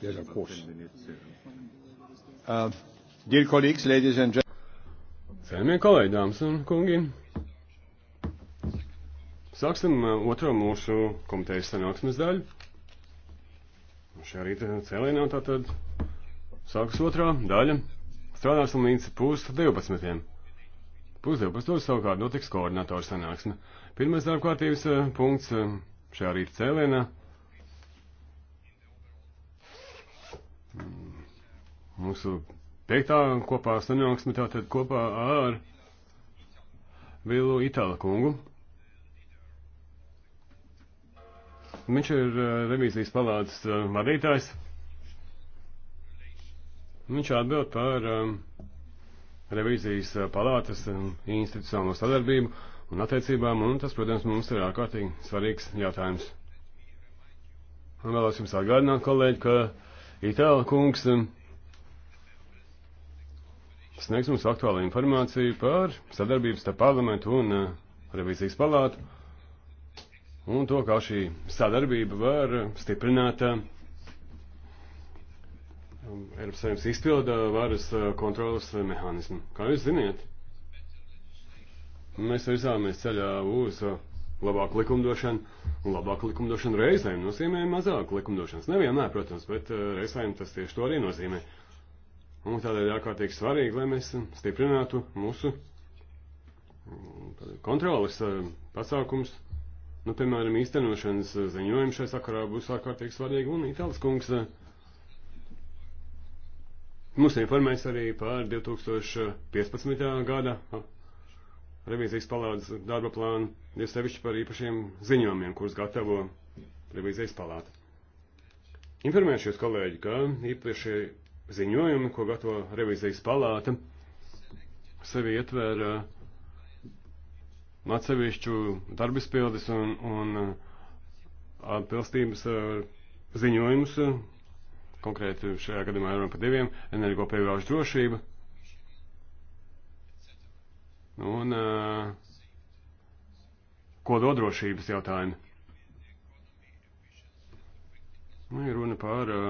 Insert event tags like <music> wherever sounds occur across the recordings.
Yes, of course. Uh, dear colleagues, ladies and gentlemen. Cienījamie kolēģi, dāmas un kungi. Sāksim uh, otro mūsu komitejas sanāksmes daļu. Šajā rīta cēlienā tātad sākas otrā daļa. Strādāsim līdz pūs 12. Pūs 12. savukārt notiks koordinātoru sanāksme. Pirmais darbkārtības uh, punkts uh, šajā rīta cēlienā. mūsu piektā kopā sanāksme, tātad kopā ar Vilu Itāla kungu. Viņš ir eh, revīzijas palātas eh, vadītājs. Viņš atbild par eh, revīzijas palātas institucionālo sadarbību un attiecībām, un tas, protams, mums ir ārkārtīgi svarīgs jautājums. Un vēlos jums atgādināt, kolēģi, ka Itāla kungs um, sniegs mums aktuālu informāciju par sadarbības starp parlamentu un uh, revīzijas palātu un to, kā šī sadarbība var stiprināt uh, Eiropas Savienības izpilda varas uh, kontrolas mehānismu. Kā jūs ziniet, mēs virzāmies ceļā uz labāku likumdošanu un labāku likumdošanu reizēm nozīmē mazāku likumdošanas. Nevienmēr, protams, bet reizēm tas tieši to arī nozīmē. Uh, Un tādēļ ārkārtīgi svarīgi, lai mēs stiprinātu mūsu mm, kontrolas eh, pasākums. Nu, piemēram, īstenošanas eh, ziņojumi šai sakarā būs ārkārtīgi svarīgi. Un Itālijas kungs eh, mūs informēs arī par 2015. gada revīzijas palādes darba plānu, jo sevišķi par īpašiem ziņojumiem, kurus gatavo revīzijas palāta. Informēšu jūs, kolēģi, ka īpašie ziņojumi, ko gatavo revizijas palāta, sevi ietver uh, atsevišķu darbispildes un, un uh, atbilstības uh, ziņojumus, konkrēti šajā gadījumā runa par diviem - energo pievēršu drošība. Un kododrošības jautājumi. Nu, ir runa par uh,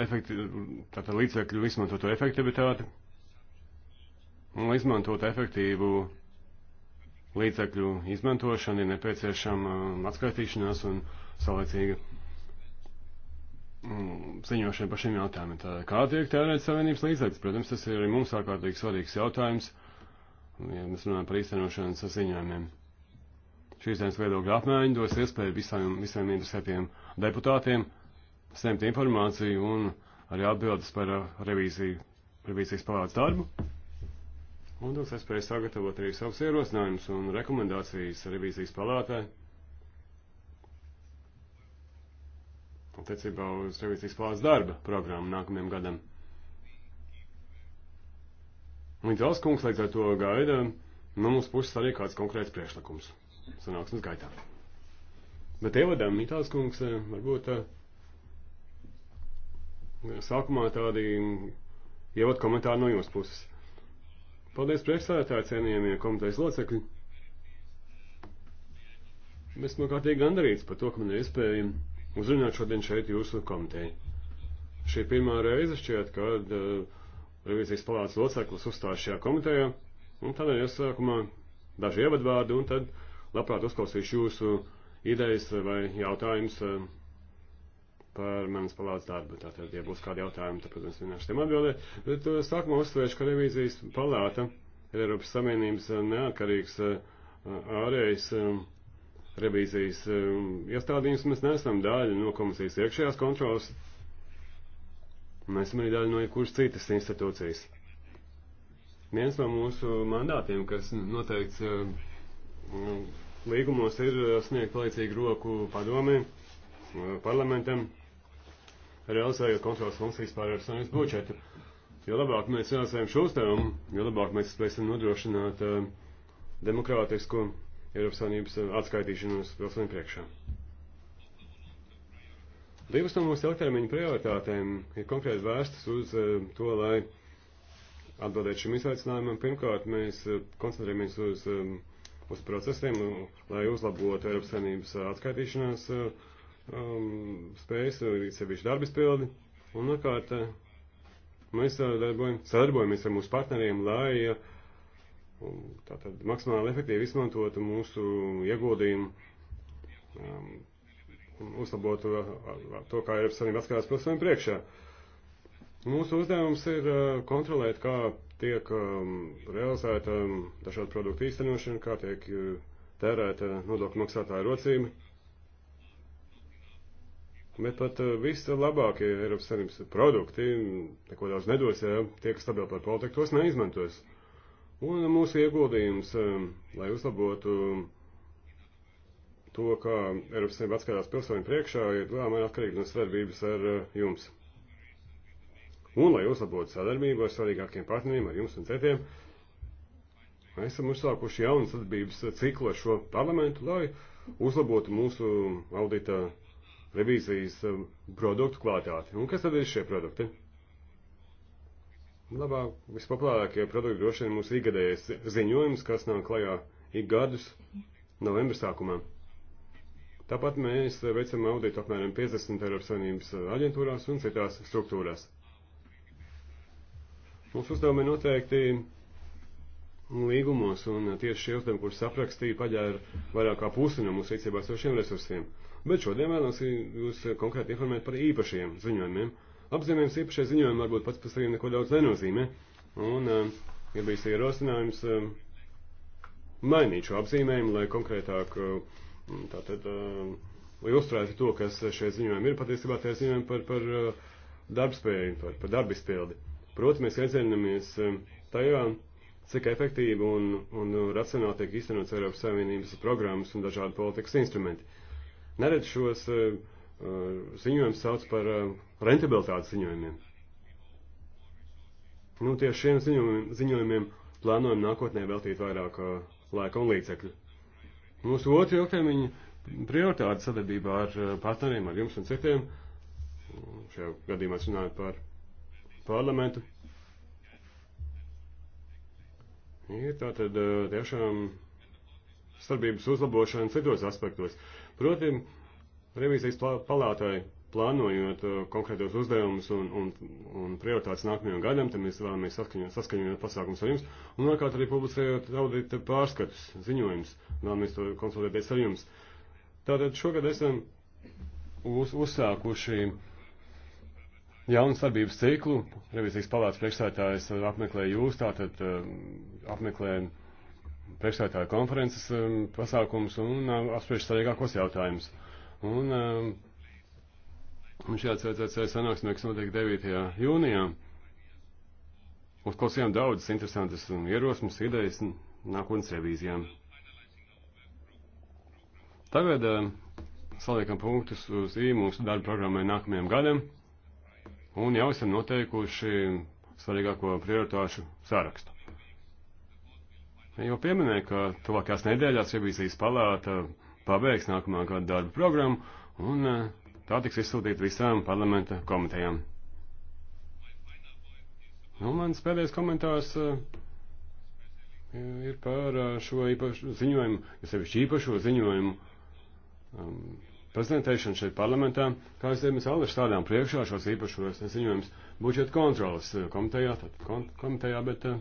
efekti, tātad līdzekļu izmantoto efektivitāti un izmantot efektīvu līdzekļu izmantošanu ir nepieciešama um, atskaitīšanās un saulēcīga um, ziņošana par šiem jautājumiem. Tā, kā tiek tērēt savienības līdzekļus? Protams, tas ir arī mums ārkārtīgi svarīgs jautājums, ja mēs runājam par īstenošanas ziņojumiem. Šīs dienas viedokļa apmaiņa dos iespēju visiem, visiem interesētiem deputātiem saņemt informāciju un arī atbildes par uh, revīziju, revīzijas palātas darbu. Un dos iespēju sagatavot arī savus ierosinājumus un rekomendācijas revīzijas palātai. Attiecībā uz revīzijas palātas darba programmu nākamajam gadam. Līdz valsts kungs līdz ar to gaida no mums puses arī kāds konkrēts priekšlikums sanāksmes gaitā. Bet ievadām Itālijas kungs uh, varbūt. Uh, Sākumā tādi ievad komentāri no jūsu puses. Paldies priekšsēdētāji, cienījamie komitejas locekļi. Esmu kārtīgi gandarīts par to, ka man ir iespēja uzrunāt šodien šeit jūsu komiteju. Šī pirmā reize šķiet, kad uh, revizijas palātas loceklis uzstājas šajā komitejā, un tādēļ es sākumā daži ievadvārdi, un tad labprāt uzklausīšu jūsu idejas vai jautājumus. Uh, par manas palātas darbu. Tātad, ja būs kādi jautājumi, tad, protams, vienkārši tiem atbildēt. Bet uh, sākumā uzsvēršu, ka revīzijas palāta ir Eiropas Savienības uh, neatkarīgs uh, ārējs um, revīzijas um, iestādījums. Mēs neesam daļa no komisijas iekšējās kontrolas. Mēs esam arī daļa no jebkuras citas institūcijas. Viens no mūsu mandātiem, kas noteikts um, līgumos, ir sniegt palīdzīgu roku padomē parlamentam realizējot kontrolas funkcijas pār Eiropas Savienības budžetu. Jo labāk mēs realizējam šo uzdevumu, jo labāk mēs spēsim nodrošināt uh, demokrātisko Eiropas Savienības eh, atskaitīšanos pilsoņu priekšā. Divas no mūsu ilgtermiņa prioritātēm ir konkrēti vērstas uz uh, to, lai atbildētu šim izaicinājumam. Pirmkārt, mēs uh, koncentrējamies uz, um, uz procesiem, lai uzlabotu Eiropas Savienības atskaitīšanās uh, um, spējas, arī sevišķi darbas pildi. Un, nokārt, eh, mēs eh, sadarbojamies ar mūsu partneriem, lai eh, um, tātad maksimāli efektīvi izmantotu mūsu ieguldījumu, um, uzlabotu to, kā Eiropas Savienība atskatās pilsoņu priekšā. Mūsu uzdevums ir kontrolēt, kā tiek um, realizēta um, dažādu produktu īstenošana, kā tiek tērēta nodokļu maksātāja rocība. Bet pat eh, visi labākie Eiropas Savienības produkti neko daudz nedos, ja tie, kas stabili par politiku, tos neizmantos. Un mūsu ieguldījums, eh, lai uzlabotu to, kā Eiropas Savienība atskatās pilsoņu priekšā, ir lielā mērā atkarīgi no sadarbības ar eh, jums. Un, lai uzlabotu sadarbību ar svarīgākiem partneriem, ar jums un citiem, esam uzsākuši jaunu sadarbības ciklu ar šo parlamentu, lai uzlabotu mūsu audītā revīzijas um, produktu kvalitāti. Un kas tad ir šie produkti? Labāk, vispopulārākie produkti droši vien mūsu ikgadējais ziņojums, kas nāk klajā ik gadus novembra sākumā. Tāpat mēs veicam auditu apmēram 50 Eiropas Savienības aģentūrās un citās struktūrās. Mūsu uzdevumi noteikti līgumos, un tieši šie uzdevumi, kurus aprakstīju, paģēra vairāk kā pusi no mūsu rīcībā sošiem resursiem. Bet šodien vēlos jūs eh, konkrēti informēt par īpašiem ziņojumiem. Apzīmējums īpašie ziņojumi varbūt pats par sevi neko daudz nenozīmē. Un uh, ir bijis ierosinājums uh, mainīt šo apzīmējumu, lai konkrētāk uh, tātad, uh, ilustrētu to, kas šie ziņojumi ir patiesībā tie ziņojumi par, par uh, darbspēju, par, par darbizpildi. Protams, mēs iedzinamies uh, tajā, cik efektīvi un, un racionāli tiek īstenots Eiropas Savienības programmas un dažādi politikas instrumenti neredz šos uh, ziņojumus sauc par uh, rentabilitātes ziņojumiem. Nu, tieši šiem ziņojumiem, ziņojumiem plānojam nākotnē veltīt vairāk uh, laika un līdzekļu. Mūsu otru ilgtermiņu prioritāte sadarbībā ar uh, partneriem, ar jums un citiem, šajā gadījumā es runāju par parlamentu, ir tātad uh, tiešām starpības uzlabošana citos aspektos. Uh, Proti, revīzijas palātai plānojot uh, konkrētos uzdevumus un, un, un prioritātes nākamajam gadam, tad mēs vēlamies saskaņot, saskaņot pasākumus ar jums, un otrkārt arī publicējot audita pārskatus, ziņojumus, vēlamies to konsultēties ar jums. Tātad šogad esam uz, uzsākuši jaunu sadarbības ciklu. Revizijas palātas priekšsētājs uh, apmeklē jūs, tātad uh, apmeklē priekšstādātāju konferences um, pasākums un um, apspriež svarīgākos jautājumus. Un, um, un šajā CCC sanāksmē, kas notiek 9. jūnijā, uzklausījām daudzas interesantas un ierosmes idejas nākotnes revīzijām. Tagad saliekam punktus uz I mūsu darba programmai nākamajam gadam un jau esam noteikuši svarīgāko prioritāšu sārakstu. Jau pieminēju, ka tuvākās nedēļās revīzijas palāta pabeigs nākamā gada darba programmu un e, tā tiks izsūtīta visām parlamenta komitejām. Nu, mans pēdējais komentārs e, ir par e, šo īpašu ziņojumu, ja sevišķi īpašo ziņojumu um, prezentēšanu šeit parlamentā. Kā es teicu, mēs vēl stādām priekšā šos īpašos ziņojumus budžeta kontrolas komitejā, tad komitejā, bet uh,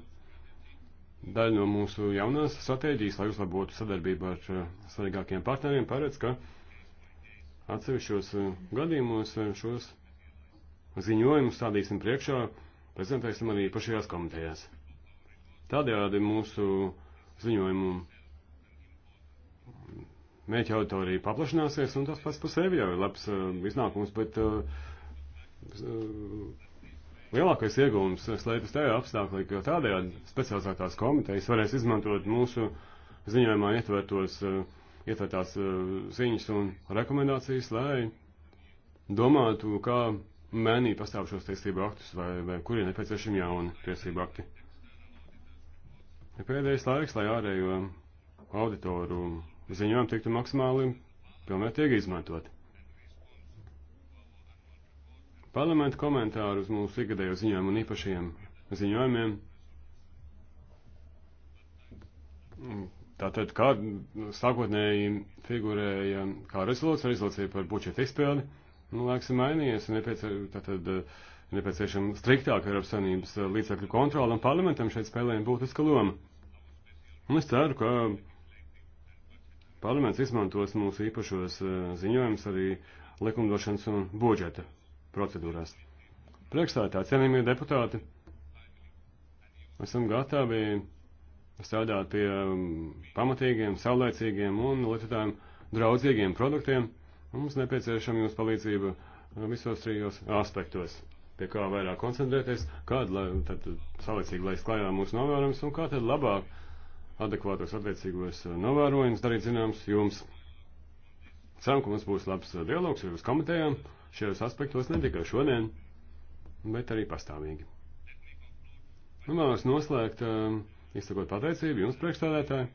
Daļa no mūsu jaunās stratēģijas, lai uzlabotu sadarbību ar eh, svarīgākiem partneriem, paredz, ka atsevišķos eh, gadījumos eh, šos ziņojumus stādīsim priekšā, prezentēsim arī pašajās komitejās. Tādējādi mūsu ziņojumu mērķa auditorija paplašināsies, un tas pats par sevi jau ir labs uh, iznākums, bet uh, Lielākais iegūms slēpjas tajā apstākļā, ka tādējādi specializētās komitejas varēs izmantot mūsu ziņojumā ietvertos, eh, ietvertās eh, ziņas un rekomendācijas, lai domātu, kā mainīt pastāvšos tiesību aktus vai, vai kur ir nepieciešami jauni tiesību akti. Pēdējais laiks, lai ārējo auditoru ziņojumu tiktu maksimāli pilnvērtīgi izmantoti parlamentu komentāru uz mūsu ikgadējo ziņojumu un īpašajiem ziņojumiem. Tātad, kā sākotnēji figurēja kā rezolūcija, rezolūcija par budžeta izpildi, nu, laiks ir mainījies, un nepiec, tātad, nepieciešama striktāka Eiropas Savienības līdzekļu kontrola, un parlamentam šeit spēlēja būtiska loma. Un es ceru, ka parlaments izmantos mūsu īpašos eh, ziņojumus arī likumdošanas un budžeta procedūrās. Priekšstādā, cienījamie deputāti, esam gatavi strādāt pie um, pamatīgiem, saulēcīgiem un lietotājiem draudzīgiem produktiem. Mums nepieciešama jūsu palīdzība uh, visos trijos aspektos, pie kā vairāk koncentrēties, kāda lai, tad saulēcīgi lai sklājā mūsu novērojums un kā tad labāk adekvātos attiecīgos uh, novērojumus darīt zināms jums. Ceram, ka mums būs labs uh, dialogs ar jūsu komitejām šajos aspektos ne tikai šodien, bet arī pastāvīgi. Nu, vēlos noslēgt, eh, izsakot pateicību jums priekšstādētāji.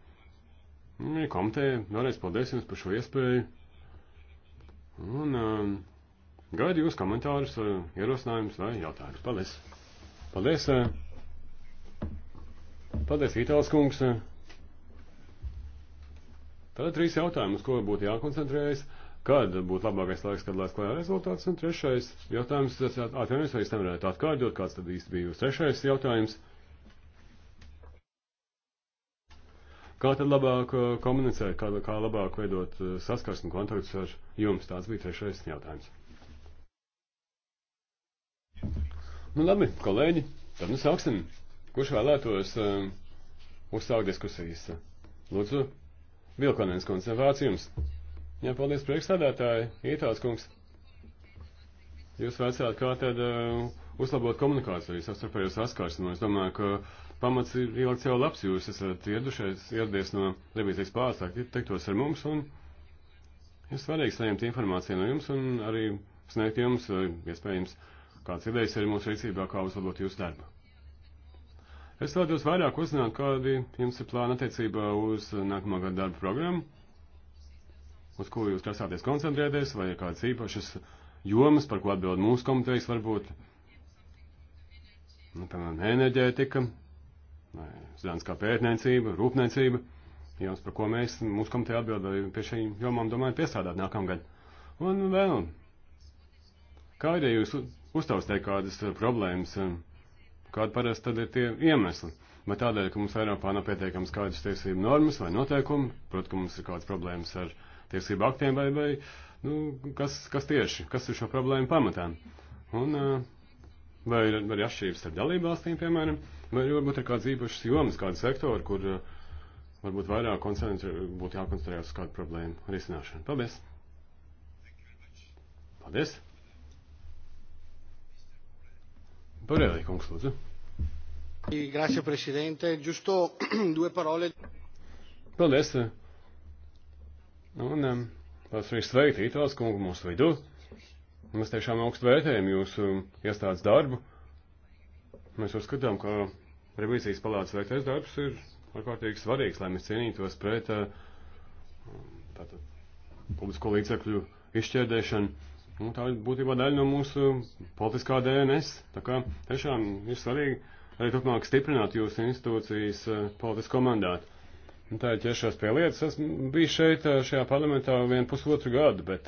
Nu, Komiteja, vēlreiz paldies jums par šo iespēju. Un um, gaidu jūs komentārus, eh, ierosinājumus vai jautājumus. Paldies! Paldies! Paldies, Itāls kungs! Tātad trīs jautājumus, ko būtu jākoncentrējas kad būtu labākais laiks, kad lēs klajā rezultāts. Un trešais jautājums, atvainojos, vai es nevarētu atkārtot, kāds tad īsti bija jūsu trešais jautājums. Kā tad labāk uh, komunicēt, kā, kā labāk veidot uh, saskarsmi kontaktus ar jums? Tāds bija trešais jautājums. Nu labi, kolēģi, tad nu sāksim. Kurš vēlētos uh, uzsākt diskusijas? Lūdzu, Vilkonēns koncentrācijums. jums. Jā, paldies priekšsēdētāji, Itāls kungs. Jūs vecāt, kā tad uh, uzlabot komunikāciju, sastarpējos saskarsmi. Es domāju, ka pamats ir ielikt jau labs. Jūs esat ieradušies, ieradies no revīzijas pārstāk, tiktos ar mums, un ir svarīgi saņemt informāciju no jums un arī sniegt jums, uh, iespējams, kāds idejas ir mūsu rīcībā, kā uzlabot jūsu darbu. Es vēlētos vairāk uzzināt, kādi jums ir plāni attiecībā uz nākamā gada darba programmu uz ko jūs grasāties koncentrēties, vai ir kādas īpašas jomas, par ko atbild mūsu komitejas varbūt, nu, piemēram, enerģētika, vai zinātniskā pētniecība, rūpniecība, joms, par ko mēs mūsu komiteja atbild, vai pie šīm jomām domājam piestrādāt nākamgad. Un vēl, kā ir, ja jūs uztaustē kādas eh, problēmas, eh, kāda parasti tad ir tie iemesli? Vai tādēļ, ka mums Eiropā nav pietiekams kādas tiesību normas vai noteikumi, protams, ka mums ir kādas problēmas ar tiesību aktiem, vai, vai nu, kas, kas tieši, kas ir šo problēmu pamatā. Un, vai ir arī atšķirības starp dalību valstīm, piemēram, vai varbūt ir kāds īpašs jomas, kāda sektora, kur varbūt vairāk būtu jākoncentrē uz kādu problēmu risināšanu. Paldies! Paldies! Borelli, kungs, lūdzu. Grazie, Presidente. Giusto <clears throat> due parole. Paldies, Un um, tas arī sveikt Itālijas kungu mūsu vidū. Mēs tiešām augstu vērtējam jūsu iestādes darbu. Mēs uzskatām, ka revīzijas palātas veiktais darbs ir ārkārtīgi svarīgs, lai mēs cīnītos pret uh, tātad, publisko līdzekļu izšķērdēšanu. Nu, tā ir būtībā daļa no mūsu politiskā DNS. Tā kā tiešām ir svarīgi arī turpmāk stiprināt jūsu institūcijas uh, politisko mandātu. Un tā ir ķeršos pie lietas. Esmu bijis šeit, šajā parlamentā, vien pusotru gadu, bet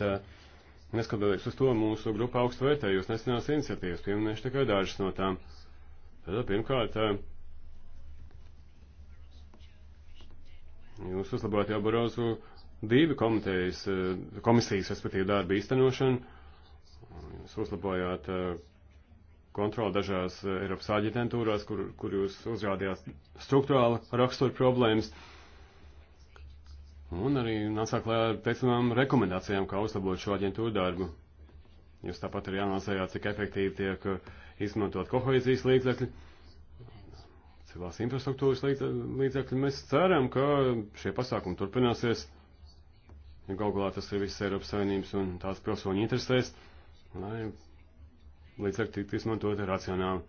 neskatoties uz to, mūsu grupa augstu vērtē jūs nesenās iniciatīvas, pieminēšu tikai dažas no tām. Tad, pirmkārt, jūs uzlabojat jau Barozu divi komitejas, komisijas, respektīvi, darba īstenošanu. Jūs uzlabojāt kontroli dažās Eiropas aģentūrās, kur, kur jūs uzrādījāt struktūrāli raksturu problēmas. Uh, Un arī nācāk klājā ar teicamām rekomendācijām, kā uzlabot šo aģentūru darbu. Jūs tāpat arī analizējāt, cik efektīvi tiek uh, izmantot kohēzijas līdzekļi, civilās infrastruktūras līdzekļi. Mēs ceram, ka šie pasākumi turpināsies, jo ja galu galā tas ir viss Eiropas Savienības un tās pilsoņu interesēs, lai līdzekļi tiktu izmantoti racionāli.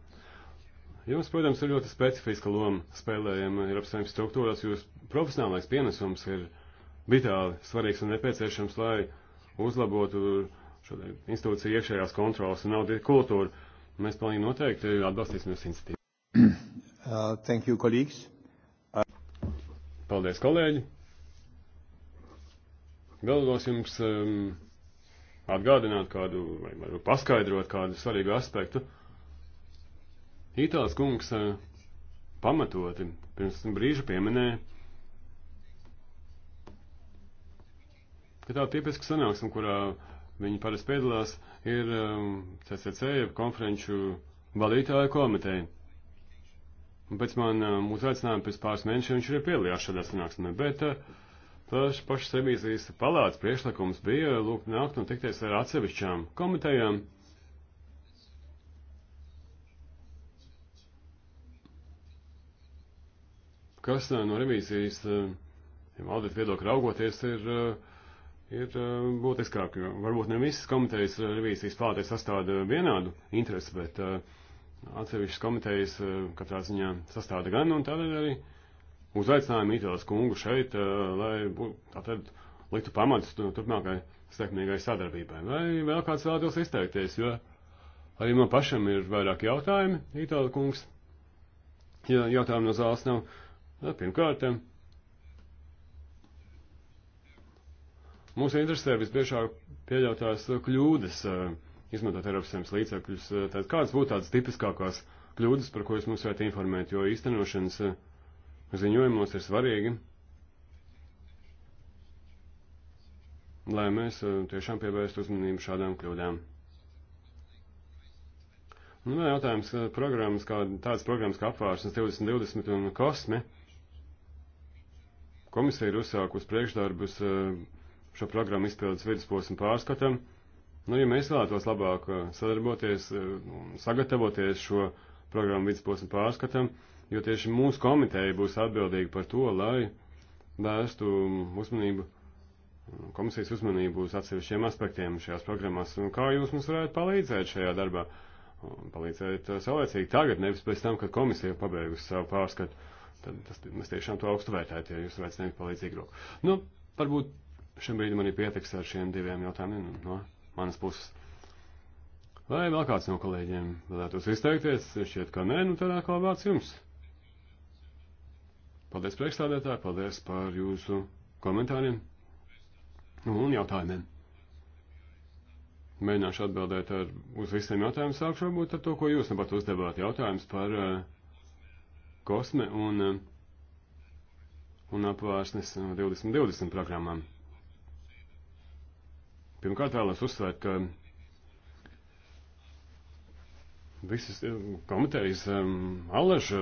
Jums, protams, ir ļoti specifiska loma spēlējama Eiropas Savienības struktūrās, jūs profesionālais pienesums ir vitāli svarīgs un nepieciešams, lai uzlabotu šo institūciju iekšējās kontrolas un audita kultūru. Mēs pilnīgi noteikti atbalstīsim jūs institīvu. <clears throat> Uh, thank you, colleagues. Uh... Paldies, kolēģi. Vēlos jums um, atgādināt kādu, vai varu paskaidrot kādu svarīgu aspektu. Itāls kungs uh, pamatoti pirms brīža pieminēja ka tā tipiska sanāksme, kurā viņi parasti piedalās, ir CCC, um, jeb konferenču vadītāja komiteja. Un pēc man mūsu um, aicinājuma pēc pāris mēnešiem viņš arī piedalījās šādā sanāksmē, bet paš, uh, pašas revīzijas palātas priešlikums bija uh, lūgt nākt un tikties ar atsevišķām komitejām. kas uh, no revīzijas ja audita viedokļa raugoties ir uh, ir eh, būtiskāk, jo varbūt ne visas komitejas eh, revīzijas palātē sastāda eh, vienādu interesi, bet atsevišķas komitejas katrā ziņā sastāda gan, un tādēļ arī uzaicinājām Itālijas kungu šeit, lai tātad liktu pamats turpmākai sekmīgai sadarbībai. Vai vēl kāds vēlētos izteikties, jo arī man pašam ir vairāk jautājumi, Itālijas kungs, ja jautājumu no zāles nav. Pirmkārt, Mūs interesē visbiežāk pieļautās kļūdas, eh, izmantot Eiropas Savienības līdzekļus. Eh, tad kādas būtu tādas tipiskākās kļūdas, par ko jūs mums varētu informēt, jo īstenošanas eh, ziņojumos ir svarīgi, lai mēs tiešām pievērstu uzmanību šādām kļūdām. Nu, vēl jautājums programmas, kā, tādas programmas kā apvāršanas 2020 un kosme. Komisija ir uzsākusi uz priekšdarbus uh, šo programmu izpildes vidusposmu pārskatam. Nu, ja mēs vēlētos labāk eh, sadarboties eh, un sagatavoties šo programmu vidusposmu pārskatam, jo tieši mūsu komiteja būs atbildīga par to, lai vērstu uzmanību, komisijas uzmanību uz atsevišķiem aspektiem šajās programmās. Un kā jūs mums varētu palīdzēt šajā darbā? palīdzēt eh, saulēcīgi tagad, nevis pēc tam, kad komisija pabeigusi savu pārskatu. Tad tas, mēs tiešām to augstu vērtētu, ja jūs varētu sniegt palīdzīgu roku. Nu, varbūt šim brīdim arī pietiks ar šiem diviem jautājumiem no manas puses. Vai vēl kāds no kolēģiem vēlētos izteikties? Šķiet, ka nē, nu tad atkal vārds jums. Paldies priekšstādētāji, paldies par jūsu komentāriem un jautājumiem. Mēģināšu atbildēt ar, uz visiem jautājumiem. Sākšu varbūt ar to, ko jūs nepat nu uzdevāt. Jautājums par uh, kosme un, uh, un apvārsnes 2020 eh, programmām. Pirmkārt, vēlos uzsvērt, ka visas eh, komitejas um, ehm, alaža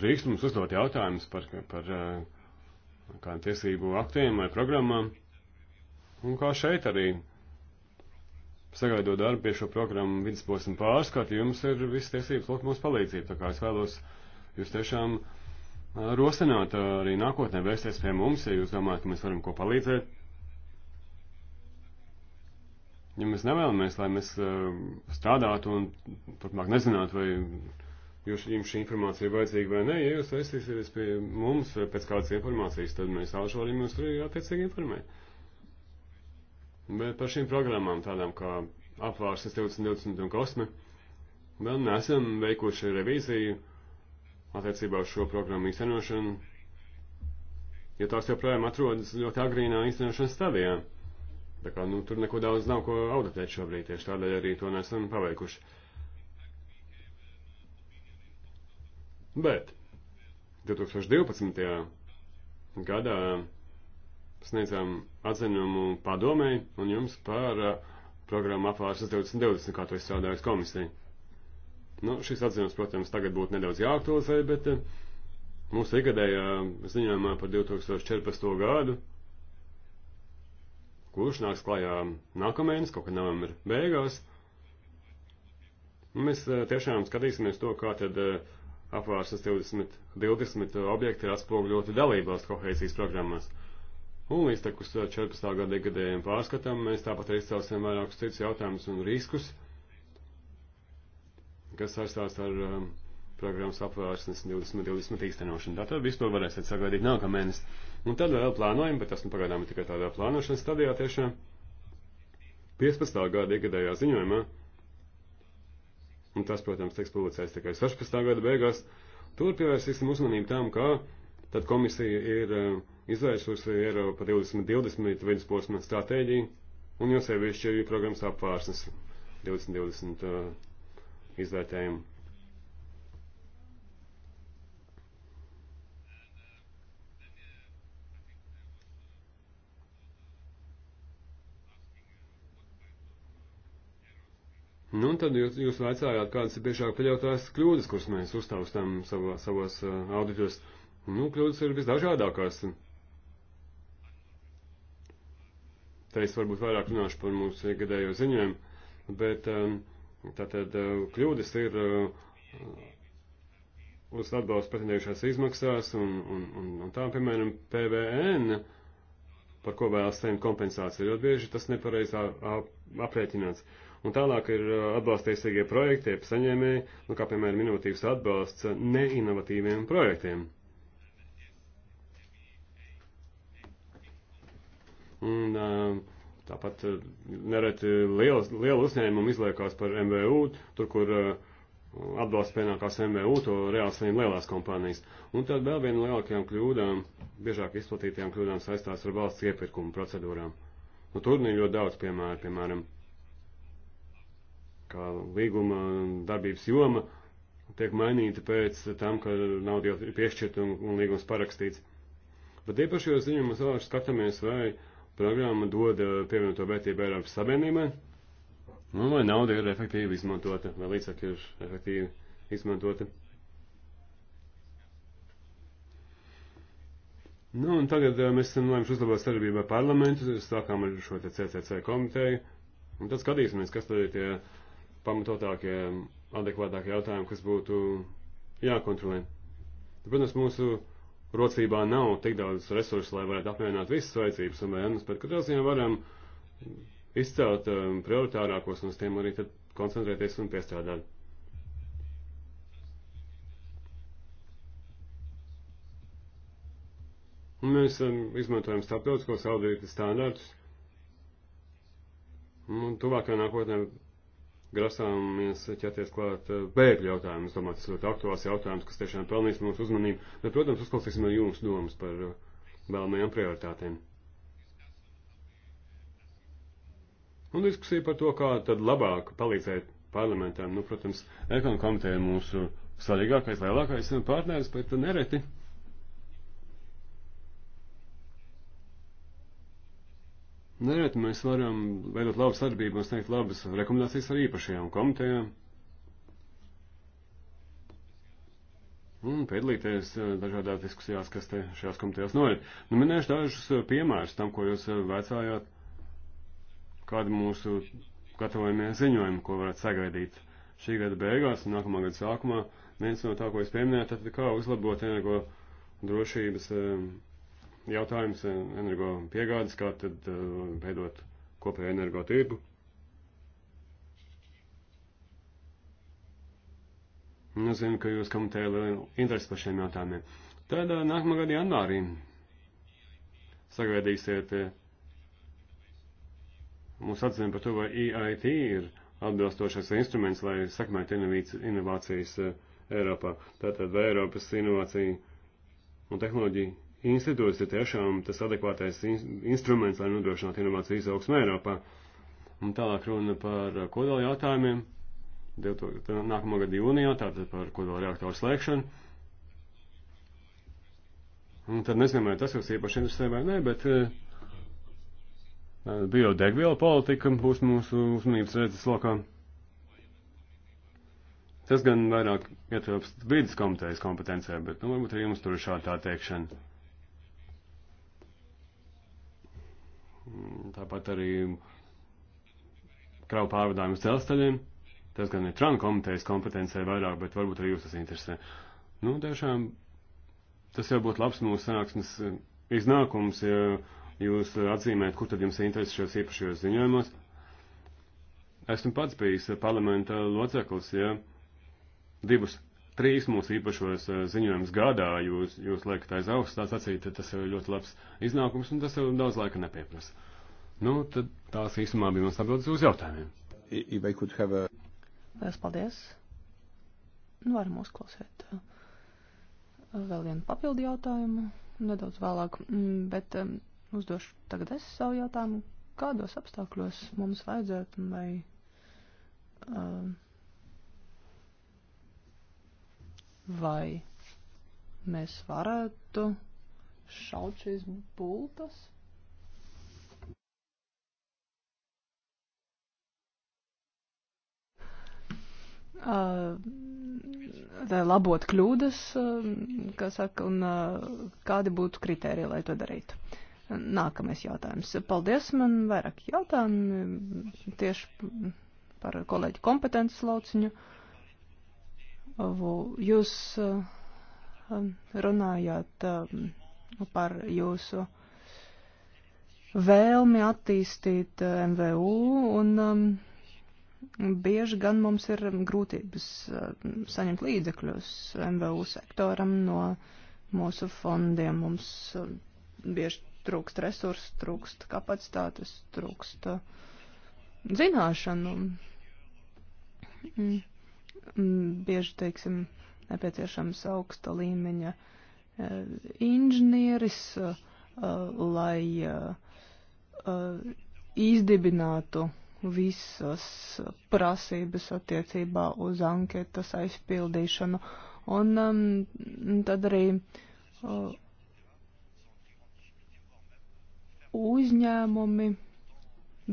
drīkst mums uzdot jautājumus par, par eh, kādiem tiesību aktiem vai programmām. Un kā šeit arī sagaidot darbu pie šo programmu vidusposmu pārskatu, jums ir viss tiesības lūgt mūsu palīdzību. Tā kā es vēlos jūs tiešām eh, rosināt arī nākotnē vērsties pie mums, ja jūs domājat, ka mēs varam ko palīdzēt. Ja mēs nevēlamies, lai mēs eh, strādātu un turpmāk nezinātu, vai jūs, jums šī informācija ir vajadzīga vai nē, ja jūs aizsīsieties pie mums eh, pēc kādas informācijas, tad mēs āšu varam jūs arī attiecīgi informēt. Bet par šīm programmām tādām kā apvārsis 2020 un kosmi, vēl neesam veikuši revīziju attiecībā uz šo programmu īstenošanu, jo tās joprojām atrodas ļoti agrīnā īstenošanas stadijā. Tā kā, nu, tur neko daudz nav ko auditēt šobrīd, tieši tādēļ arī to nesam paveikuši. Bet 2012. gadā sniedzām atzinumu padomēji un jums par uh, programmu apvāršas 2020, kā to izstrādājas komisija. Nu, šis atzinums, protams, tagad būtu nedaudz jāaktualizē, bet uh, mūsu ikgadējā ziņojumā par 2014. gadu kurš nāks klajā nākamajā, kaut kad novembra beigās. Un mēs eh, tiešām skatīsimies to, kā tad apvāršas 20, 20 objekti ir atspogļoti dalībās kohēzijas programmās. Un līdz tekus 14. Eh, gada gadējiem pārskatām, mēs tāpat arī izcelsim vairākus citus jautājumus un riskus, kas saistās ar um, programmas apvērsnes 2020 īstenošanu. Tātad vispār varēsiet sagaidīt nākamēnes. Un tad vēl plānojam, bet esmu pagaidām tikai tādā plānošanas stadijā tiešām. 15. gada iegadējā ziņojumā, un tas, protams, tiks publicēts tikai 16. gada beigās, tur pievērsīsim uzmanību tam, kā tad komisija ir eh, izvērsusi Eiropa 2020 vidusposma stratēģiju, un jau sevišķi programmas apvārsnes 2020 eh, izvērtējumu. Nu, un tad jūs, jūs vaicājāt, kādas ir biežāk pieļautās kļūdas, kuras mēs uztaustām savā, savos uh, auditos. Nu, kļūdas ir visdažādākās. Te es varbūt vairāk runāšu par mūsu iegadējo ziņojumu, bet um, tātad uh, kļūdas ir uh, uz atbalstu pretendējušās izmaksās un, un, un, un tā, piemēram, PVN, par ko vēlas saņemt kompensāciju. Ļoti bieži tas nepareiz aprēķināts. Ap, Un tālāk ir uh, atbalstīsīgie projekti, jeb saņēmēji, nu, kā piemēram minūtīvs atbalsts neinovatīviem projektiem. Un uh, tāpat uh, nereti liels, liela uzņēmuma izliekās par MVU, tur, kur atbalsts pienākās MVU, to reāli saņem lielās kompānijas. Un tad vēl viena lielākajām kļūdām, biežāk izplatītajām kļūdām saistās ar valsts iepirkumu procedūrām. Nu, tur nu ir ļoti daudz piemēru, piemēram, piemēram kā līguma darbības joma tiek mainīta pēc tam, ka nauda jau ir piešķirta un, un līgums parakstīts. Bet iepašajos ziņojumos vēl skatāmies, vai programma dod uh, pievienoto vērtību Eiropas Savienībai, un nu, vai nauda ir efektīvi izmantota, vai līdzekļi ir efektīvi izmantota. Nu, un tagad uh, mēs esam lēmuši uzlabot sadarbību ar parlamentu, sākām ar šo te CCC komiteju, un tad skatīsimies, kas tad ir tie. Ja pamatotākie, adekvātākie jautājumi, kas būtu jākontrolē. Protams, mūsu rocībā nav tik daudz resursu, lai varētu apmierināt visas vajadzības un vēlmes, nu, bet katrā ziņā varam izcelt um, prioritārākos un uz tiem arī tad koncentrēties un piestrādāt. Un mēs um, izmantojam starptautiskos audītas standārtus. Un tuvākajā nākotnē grasāmies ķerties klāt eh, bēgļu jautājumu. Es domāju, tas ļoti aktuāls jautājums, kas tiešām pelnīs mūsu uzmanību. Bet, protams, uzklausīsim arī jums domas par eh, vēlamajām prioritātēm. Un diskusija par to, kā tad labāk palīdzēt parlamentam. Nu, protams, ekonomikam komiteja mūsu svarīgākais, lielākais partneris, bet nereti. Nereti mēs varam veidot labu sadarbību un sniegt labas rekomendācijas ar īpašajām komitejām. Un piedalīties eh, dažādās diskusijās, kas te šajās komitejās norit. Nu, minēšu dažus eh, piemērus tam, ko jūs eh, vecājāt, kādi mūsu gatavojamie ziņojumi, ko varat sagaidīt šī gada beigās un nākamā gada sākumā. Viens no tā, ko es pieminēju, tad kā uzlabot energo drošības. Um, jautājums eh, energo piegādes, kā tad eh, veidot kopēju energo tirgu. Nu, es zinu, ka jūs komentējat lielu interesi par šiem jautājumiem. Tad eh, nākamā gada janvārī sagaidīsiet mūsu atziņu par to, vai EIT ir atbilstošais instruments, lai sakmētu inovācijas Eiropā. Tātad, vai Eiropas inovācija un tehnoloģija institūts ir tiešām tas adekvātais instruments, lai nodrošinātu inovāciju izaugsmē Eiropā. Un tālāk runa par kodola jautājumiem. Nākamā gada jūnijā tātad par kodola reaktoru slēgšanu. Un tad nezinu, vai tas jūs īpaši interesē vai nē, bet eh, biodegviela politika būs mūsu uzmanības redzes lokā. Tas gan vairāk ietilpst vidas komitejas kompetencē, bet nu, varbūt arī jums tur ir šāda tā teikšana. tāpat arī kravu pārvadājumu uz dzelzceļiem. Tas gan ir Trump komitejas kompetencija vairāk, bet varbūt arī jūs tas interesē. Nu, tiešām tas jau būtu labs mūsu sanāksmes eh, iznākums, ja jūs atzīmēt, kur tad jums ir interesi šajos īpašajos ziņojumos. Esmu pats bijis parlamenta loceklis, ja divus trīs mūsu īpašos eh, ziņojumus gadā jūs, jūs liekat aiz augsts, tā sacīt, tas ir ļoti labs iznākums, un tas jau daudz laika nepieprasa. Nu, tad tās īsumā bija mans atbildes uz jautājumiem. A... Lielas paldies. Nu, varam uzklausīt eh, vēl vienu papildu jautājumu, nedaudz vēlāk, mm, bet um, uzdošu tagad es savu jautājumu. Kādos apstākļos mums vajadzētu vai. Um, Vai mēs varētu šaut šīs bultas? Uh, tā labot kļūdas, uh, kā saka, un uh, kādi būtu kriteriji, lai to darītu. Nākamais jautājums. Paldies, man vairāk jautājumi tieši par kolēģi kompetences lauciņu. Uh, Jūs eh, um, runājāt eh, par jūsu vēlmi attīstīt eh, MVU, un um, bieži gan mums ir grūtības uh, saņemt līdzekļus MVU sektoram no mūsu fondiem. Mums uh, bieži trūkst resursu, trūkst kapacitātes, trūkst uh, zināšanu. Mm bieži, teiksim, nepieciešams augsta līmeņa e, inženieris, e, e, lai izdibinātu visas prasības attiecībā uz anketas aizpildīšanu. Un um, tad arī uh, uzņēmumi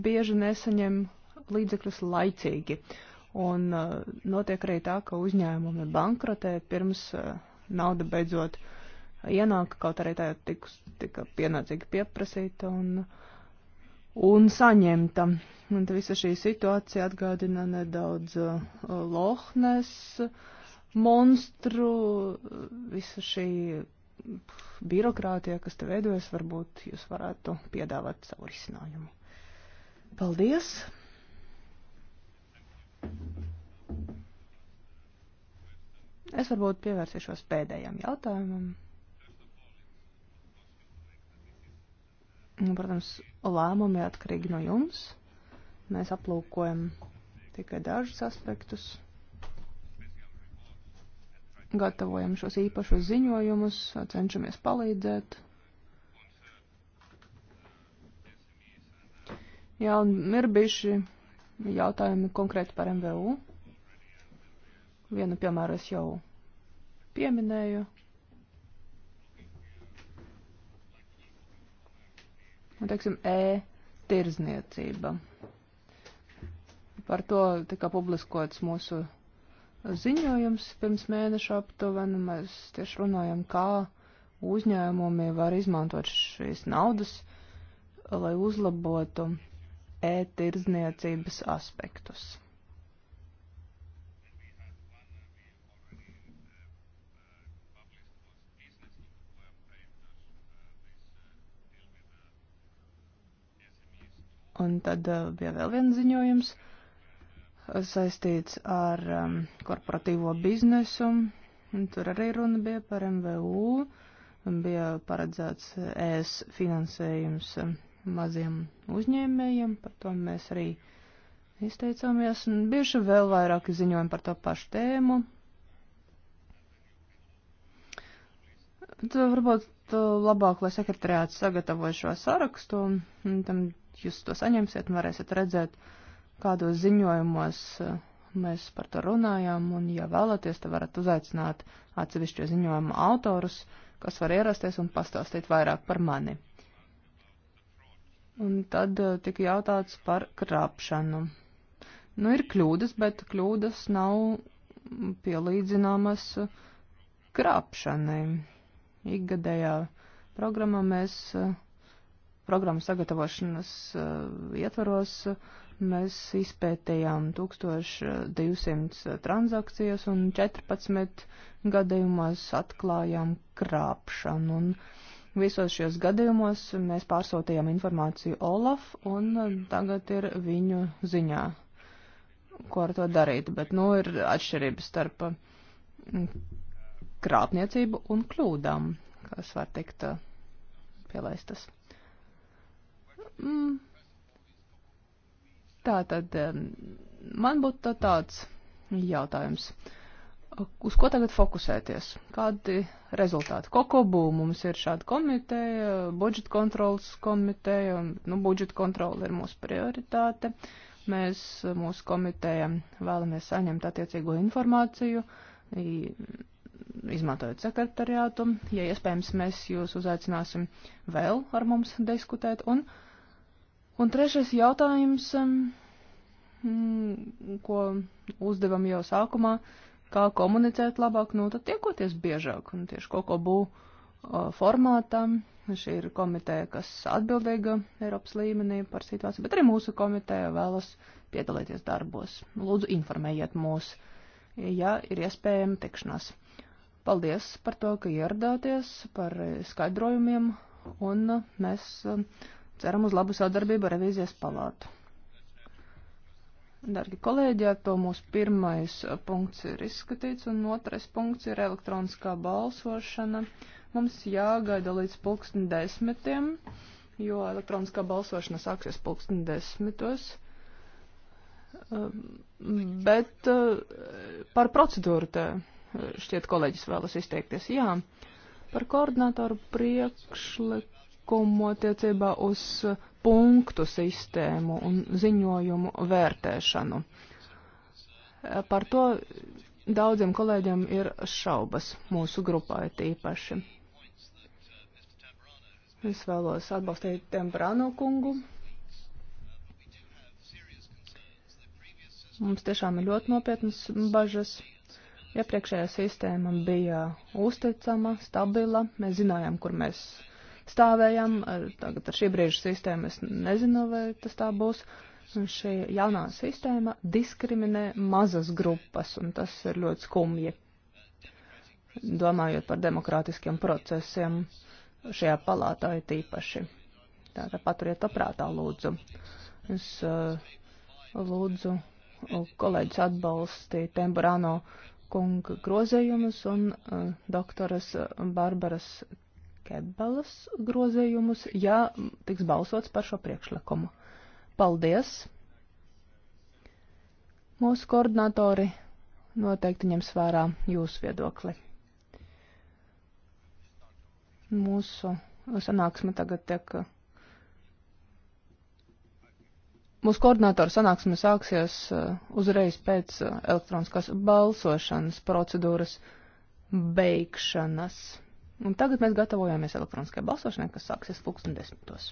bieži nesaņem līdzekļus laicīgi. Uh, Un uh, notiek arī tā, ka uzņēmumi bankrotē pirms uh, nauda beidzot ienāk, kaut arī tā tiks, tika pienācīgi pieprasīta un, un saņemta. Un visa šī situācija atgādina nedaudz uh, lohnes monstru, visa šī birokrātija, kas te veidojas, varbūt jūs varētu piedāvāt savu risinājumu. Paldies! Es varbūt pievērsīšos pēdējiem jautājumam. Nu, protams, lēmumi atkarīgi no jums. Mēs aplūkojam tikai dažus aspektus. Gatavojam šos īpašos ziņojumus, cenšamies palīdzēt. Jā, un ir bijuši jautājumi konkrēti par MVU. Vienu piemēru es jau pieminēju. Un, teiksim, e-tirzniecība. Par to tika publiskots mūsu ziņojums pirms mēneša aptuveni. Mēs tieši runājam, kā uzņēmumi var izmantot šīs naudas, lai uzlabotu e-tirzniecības aspektus. Un tad uh, bija vēl viens ziņojums uh, saistīts ar um, korporatīvo biznesu. Un tur arī runa bija par MVU, bija paredzēts uh, ES finansējums um, maziem uzņēmējiem, par to mēs arī izteicāmies, un bieži vēl vairāki ziņojumi par to pašu tēmu. Tad varbūt uh, labāk, lai sekretariāts sagatavoja šo sarakstu, un tam jūs to saņemsiet un varēsiet redzēt, kādos ziņojumos uh, mēs par to runājām, un, ja vēlaties, te varat uzaicināt atsevišķo ziņojumu autorus, kas var ierasties un pastāstīt vairāk par mani. Un tad eh, tika jautāts par krāpšanu. Nu, ir kļūdas, bet kļūdas nav pielīdzināmas krāpšanai. Ikgadējā programmā mēs, eh, programmas sagatavošanas eh, ietvaros, mēs izpētējām 1200 transakcijas un 14 gadījumās atklājām krāpšanu. Un Visos šajos gadījumos mēs pārsūtījām informāciju Olaf, un tagad ir viņu ziņā, ko ar to darīt. Bet, nu, ir atšķirības starp mm, krāpniecību un kļūdām, kas var tikt eh, pielaistas. Mm. Tā tad eh, man būtu tāds jautājums. Uh, Uz ko tagad fokusēties? Kādi rezultāti? Kokobu mums ir šāda komiteja, budžeta kontrolas komiteja, nu, budžeta kontrola ir mūsu prioritāte. Mēs mūsu komiteja vēlamies saņemt attiecīgo informāciju, izmantojot sekretariātu. Ja iespējams, mēs jūs uzaicināsim vēl ar mums diskutēt. Un, un trešais jautājums, mm, ko uzdevam jau sākumā kā komunicēt labāk, nu tad tiekoties biežāk. Un tieši kaut ko būvu formātā. Šī ir komiteja, kas atbildīga Eiropas līmenī par situāciju, bet arī mūsu komiteja vēlas piedalīties darbos. Lūdzu, informējiet mūs, ja ir iespējama tikšanās. Paldies par to, ka ieradāties, par skaidrojumiem, un mēs ceram uz labu sadarbību ar revīzijas palātu. Dargi kolēģi, ar to mūsu pirmais uh, punkts ir izskatīts, un otrais punkts ir elektroniskā balsošana. Mums jāgaida līdz pulksten desmitiem, jo elektroniskā balsošana sāksies pulksten desmitos. Um, bet uh, par procedūru te uh, šķiet kolēģis vēlas izteikties. Jā, par koordinātoru priekšlikumu noteikumu attiecībā uz punktu sistēmu un ziņojumu vērtēšanu. Par to daudziem kolēģiem ir šaubas mūsu grupā tīpaši. Es vēlos atbalstīt Temprano kungu. Mums tiešām ir ļoti nopietnas bažas. Iepriekšējā sistēma bija uzticama, stabila, mēs zinājām, kur mēs stāvējam. Ar, tagad ar šī brīža sistēmu es nezinu, vai tas tā būs. Un šī jaunā sistēma diskriminē mazas grupas, un tas ir ļoti skumji. Domājot par demokrātiskiem procesiem šajā palātā ir tīpaši. Tātad paturiet to prātā, lūdzu. Es uh, lūdzu uh, kolēģis atbalstīt Temburāno kunga grozējumus un uh, doktoras uh, Barbaras Kebalas grozējumus, ja tiks balsots par šo priekšlikumu. Paldies! Mūsu koordinatori noteikti ņems vērā jūsu viedokli. Mūsu sanāksme tagad tiek. Mūsu koordinātora sanāksme sāksies uh, uzreiz pēc uh, elektroniskās balsošanas procedūras beigšanas. Un tagad mēs gatavojamies elektroniskajai balsošanai, kas sāksies pulksten desmitos.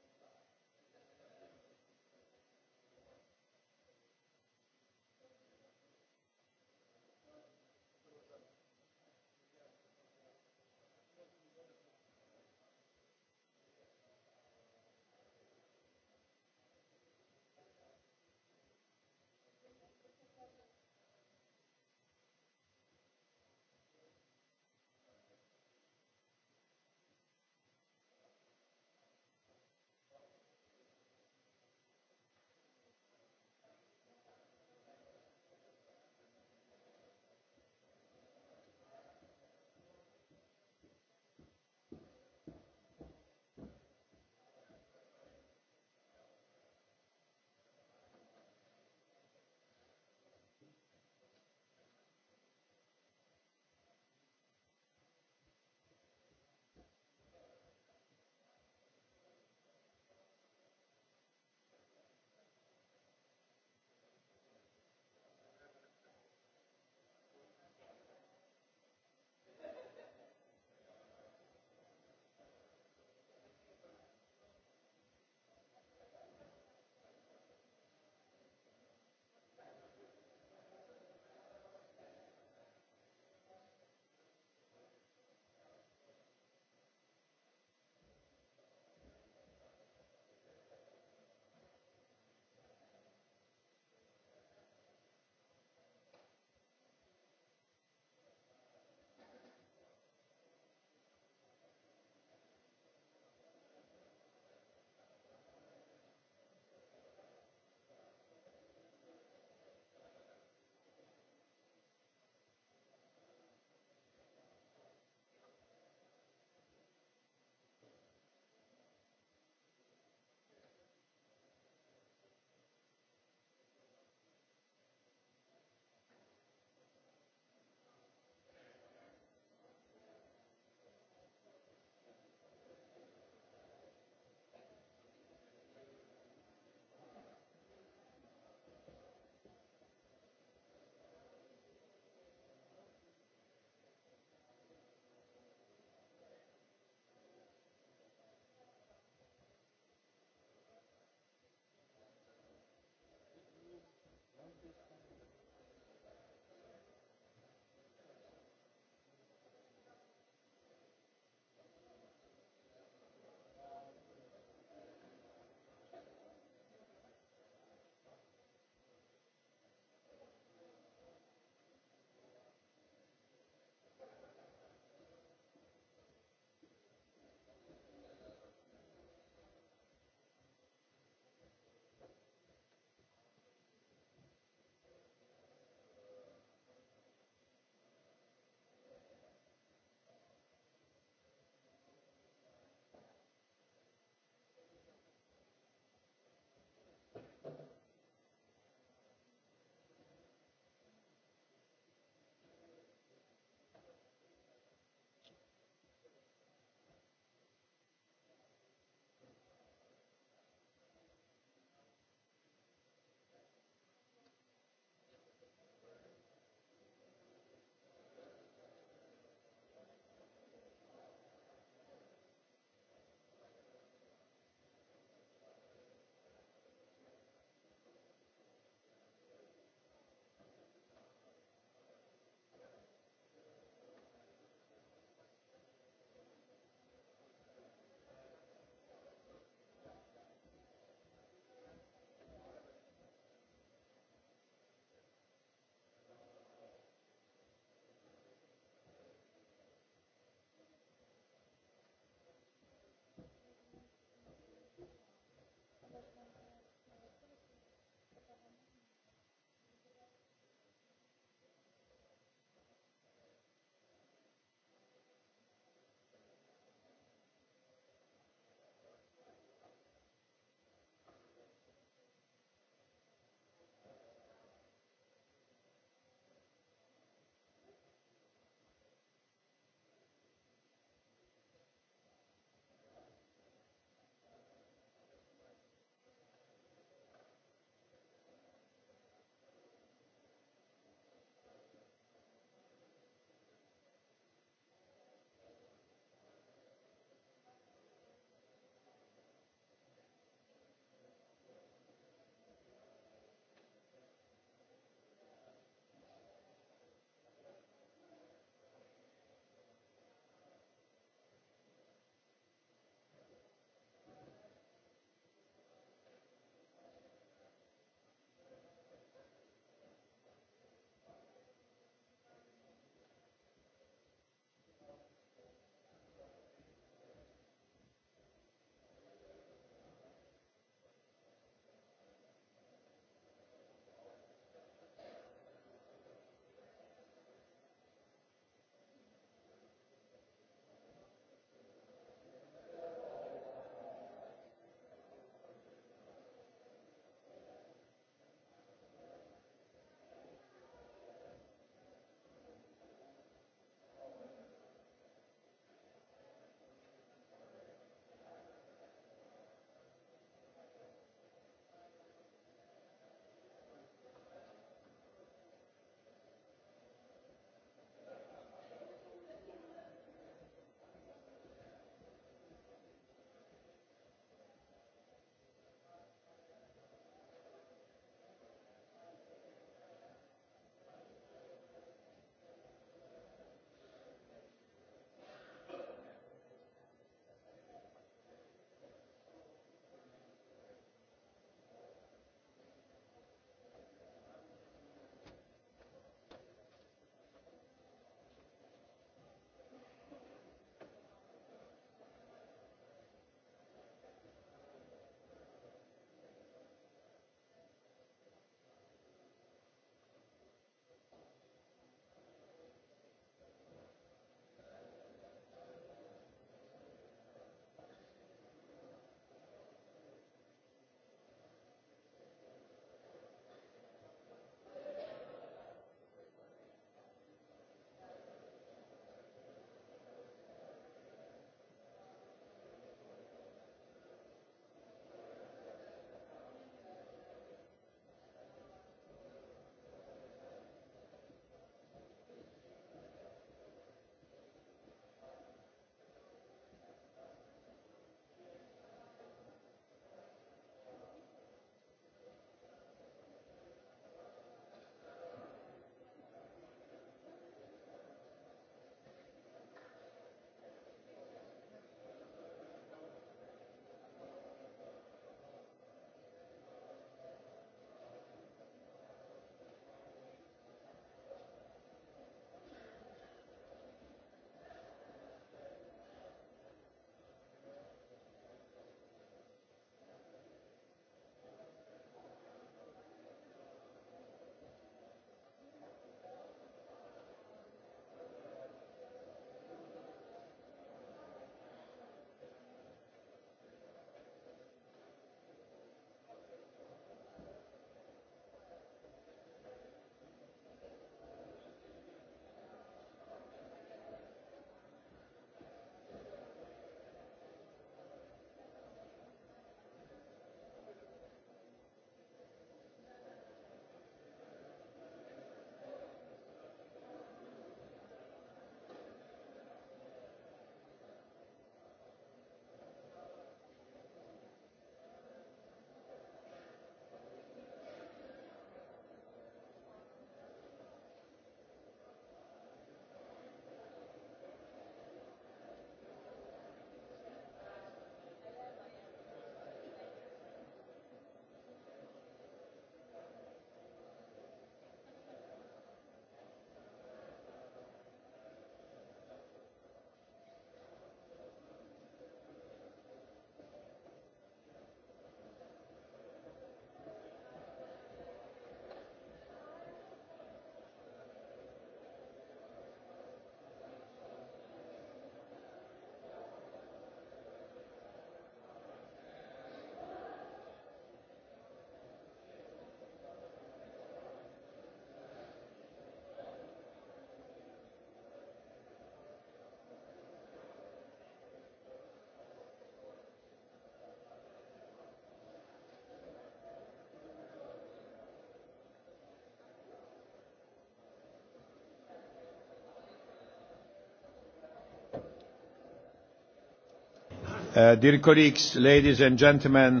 Uh, dear colleagues, ladies and gentlemen.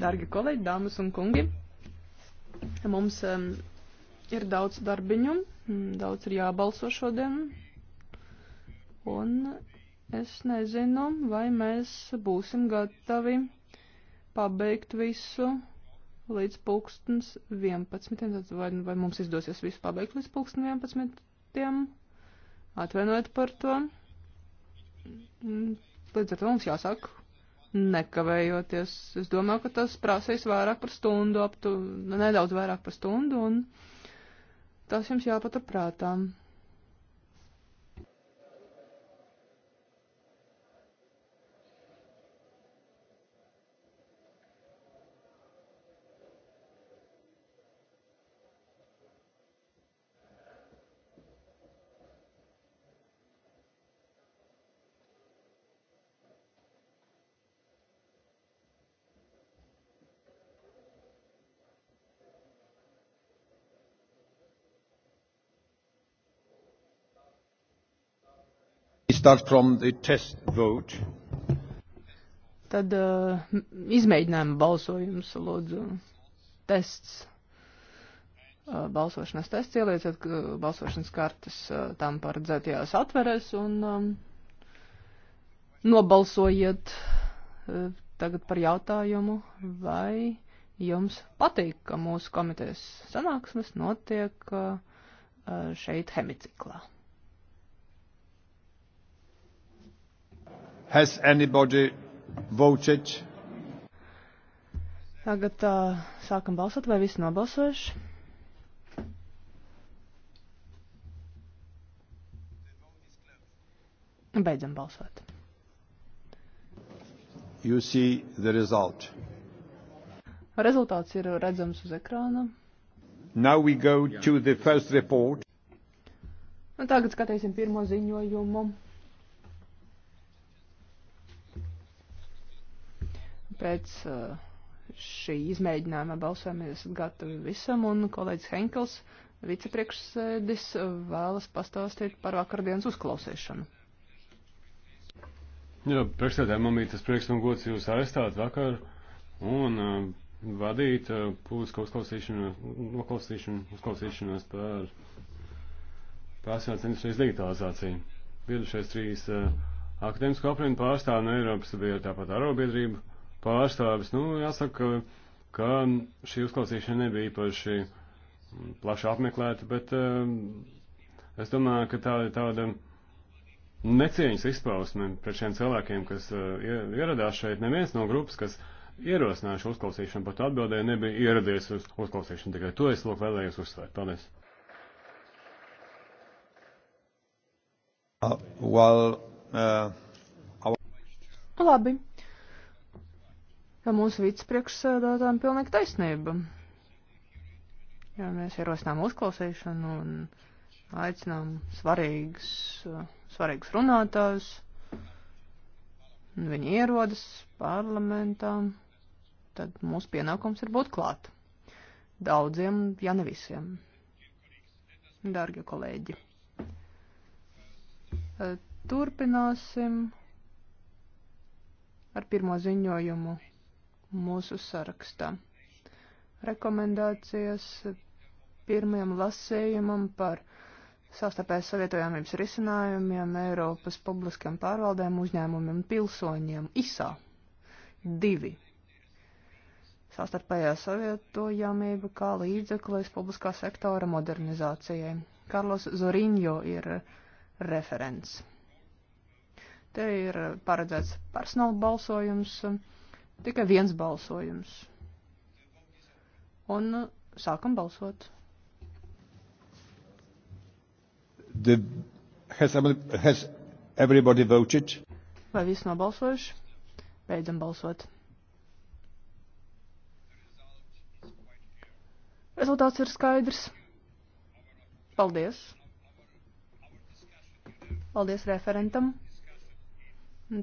Dargi kolēģi, dāmas un kungi, mums um, ir daudz darbiņu, mm, daudz ir jābalso šodien. Un es nezinu, vai mēs būsim gatavi pabeigt visu līdz pulkstens 11. Vai, vai mums izdosies visu pabeigt līdz pulkstens 11. Atvainojiet par to mm, Līdz ar to mums jāsāk nekavējoties. Es domāju, ka tas prasīs vairāk par stundu, aptu, nedaudz vairāk par stundu, un tas jums jāpaturprātām. Start from the test vote. Tad uh, izmēģinājuma balsojums, lūdzu. Tests. Uh, balsošanas tests ielieciet uh, balsošanas kartes uh, tam paredzētajās atverēs un um, nobalsojiet uh, tagad par jautājumu, vai jums patīk, ka mūsu komitejas sanāksmes notiek uh, šeit hemiciklā. Has anybody voted? Tagad uh, sākam balsot, vai visi nobalsojuši? Beidzam balsot. You see the result. Rezultāts ir redzams uz ekrāna. Now we go to the first report. Un tagad skatīsim pirmo ziņojumu. pēc eh, šī izmēģinājuma balsojuma esat gatavi visam, un kolēģis Henkels, vicepriekšsēdis, vēlas pastāstīt par vakardienas uzklausīšanu. Jā, priekšsēdē man bija tas prieks un gods jūs arestāt vakar un uh, vadīt uh, eh, publisku uzklausīšanu, noklausīšanu, uzklausīšanos par pārsvērts industrijas digitalizāciju. Viedušies trīs uh, akadēmisko aprindu pārstāvi no Eiropas, bija tāpat arobiedrība pārstāvis. Nu, jāsaka, ka šī uzklausīšana nebija īpaši plaši apmeklēta, bet eh, es domāju, ka tā ir tāda necieņas izpausme pret šiem cilvēkiem, kas eh, ieradās šeit. Neviens no grupas, kas ierosināja šo uzklausīšanu, pat atbildēja, nebija ieradies uz uzklausīšanu. Tikai to es lūk vēlējos uzsvērt. Paldies! Uh, well, uh, our... Labi ja mūsu vicepriekšsēdētājiem pilnīgi taisnība. Ja mēs ierosinām uzklausīšanu un aicinām svarīgus, svarīgus runātājus, un viņi ierodas parlamentā, tad mūsu pienākums ir būt klāt. Daudziem, ja ne visiem. Dargie kolēģi, turpināsim ar pirmo ziņojumu mūsu sarakstā. Rekomendācijas pirmajam lasējumam par sastāpēs savietojāmības risinājumiem Eiropas publiskiem pārvaldēm, uzņēmumiem un pilsoņiem ISA 2. Sastarpējā savietojamība kā līdzeklis publiskā sektora modernizācijai. Karlos Zoriņo ir referents. Te ir paredzēts personāla balsojums. Uh, Tikai viens balsojums. Un uh, sākam balsot. The, has, has everybody voted? Vai viss nobalsojuši? Beidzam balsot. Rezultāts ir skaidrs. Paldies. Paldies referentam.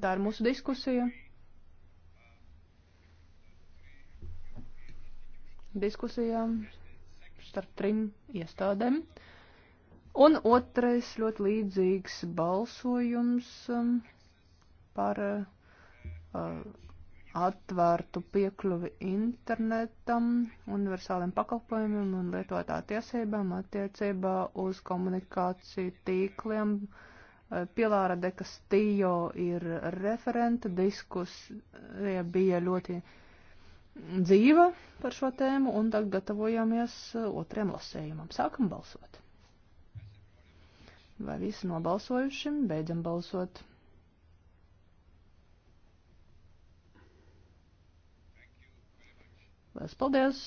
Tā ir mūsu diskusija. diskusijām starp trim iestādēm. Un otrais ļoti līdzīgs balsojums um, par uh, atvērtu piekļuvi internetam, universāliem pakalpojumiem un lietotā tiesībām attiecībā uz komunikāciju tīkliem. Uh, Pilāra de Castillo ir referenta, diskusija bija ļoti uh, dzīva par šo tēmu, un tagad gatavojamies uh, otriem lasējumam. Sākam balsot. Vai visi nobalsojuši? Beidzam balsot. Lielas paldies!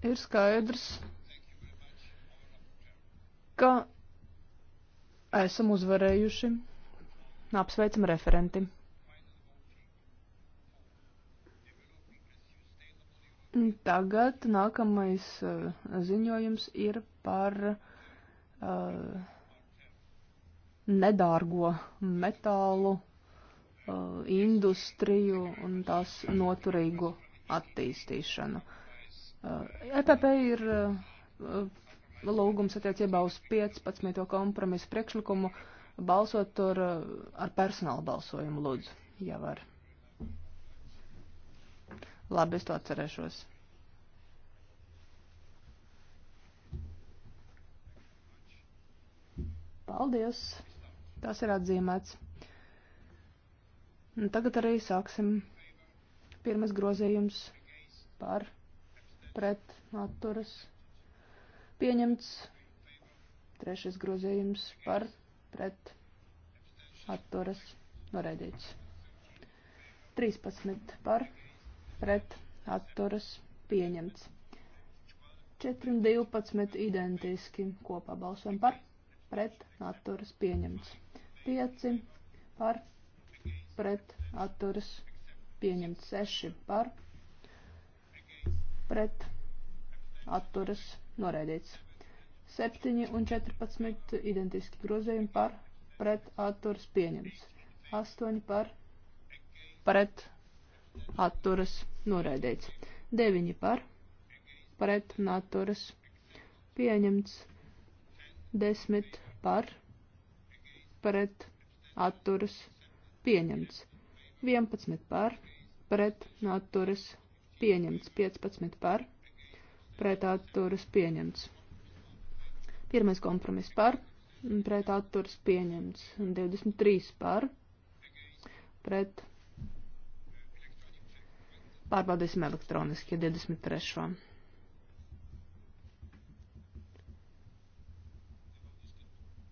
Ir skaidrs, ka esam uzvarējuši. Apsveicam referenti! Tagad nākamais uh, ziņojums ir par uh, nedārgo metālu uh, industriju un tās noturīgu attīstīšanu. Uh, EPP ir uh, lūgums attiecībā uz 15. kompromisu priekšlikumu balsot tur uh, ar personāla balsojumu lūdzu, ja var. Labi, es to atcerēšos. Paldies! Tas ir atzīmēts. Un tagad arī sāksim. Pirmas grozījums par pret atturas pieņemts. Trešais grozījums par pret atturas noraidīts. 13 par pret atturas pieņemts. 4 un 12 identiski kopā balsojam par pret atturas pieņemts. 5 par pret atturas pieņemts. 6 par pret atturas noraidīts. 7 un 14 identiski grozējumi par pret atturas pieņemts. 8 par pret atturas noraidīts. 9 par pret atturas pieņemts. 10 par, pret, atturas, pieņemts. 11 par, pret, atturas, pieņemts. 15 par, pret, atturas, pieņemts. Pirmais kompromiss par, pret, atturas, pieņemts. 23 par, pret, pārbaudīsim elektroniski 23.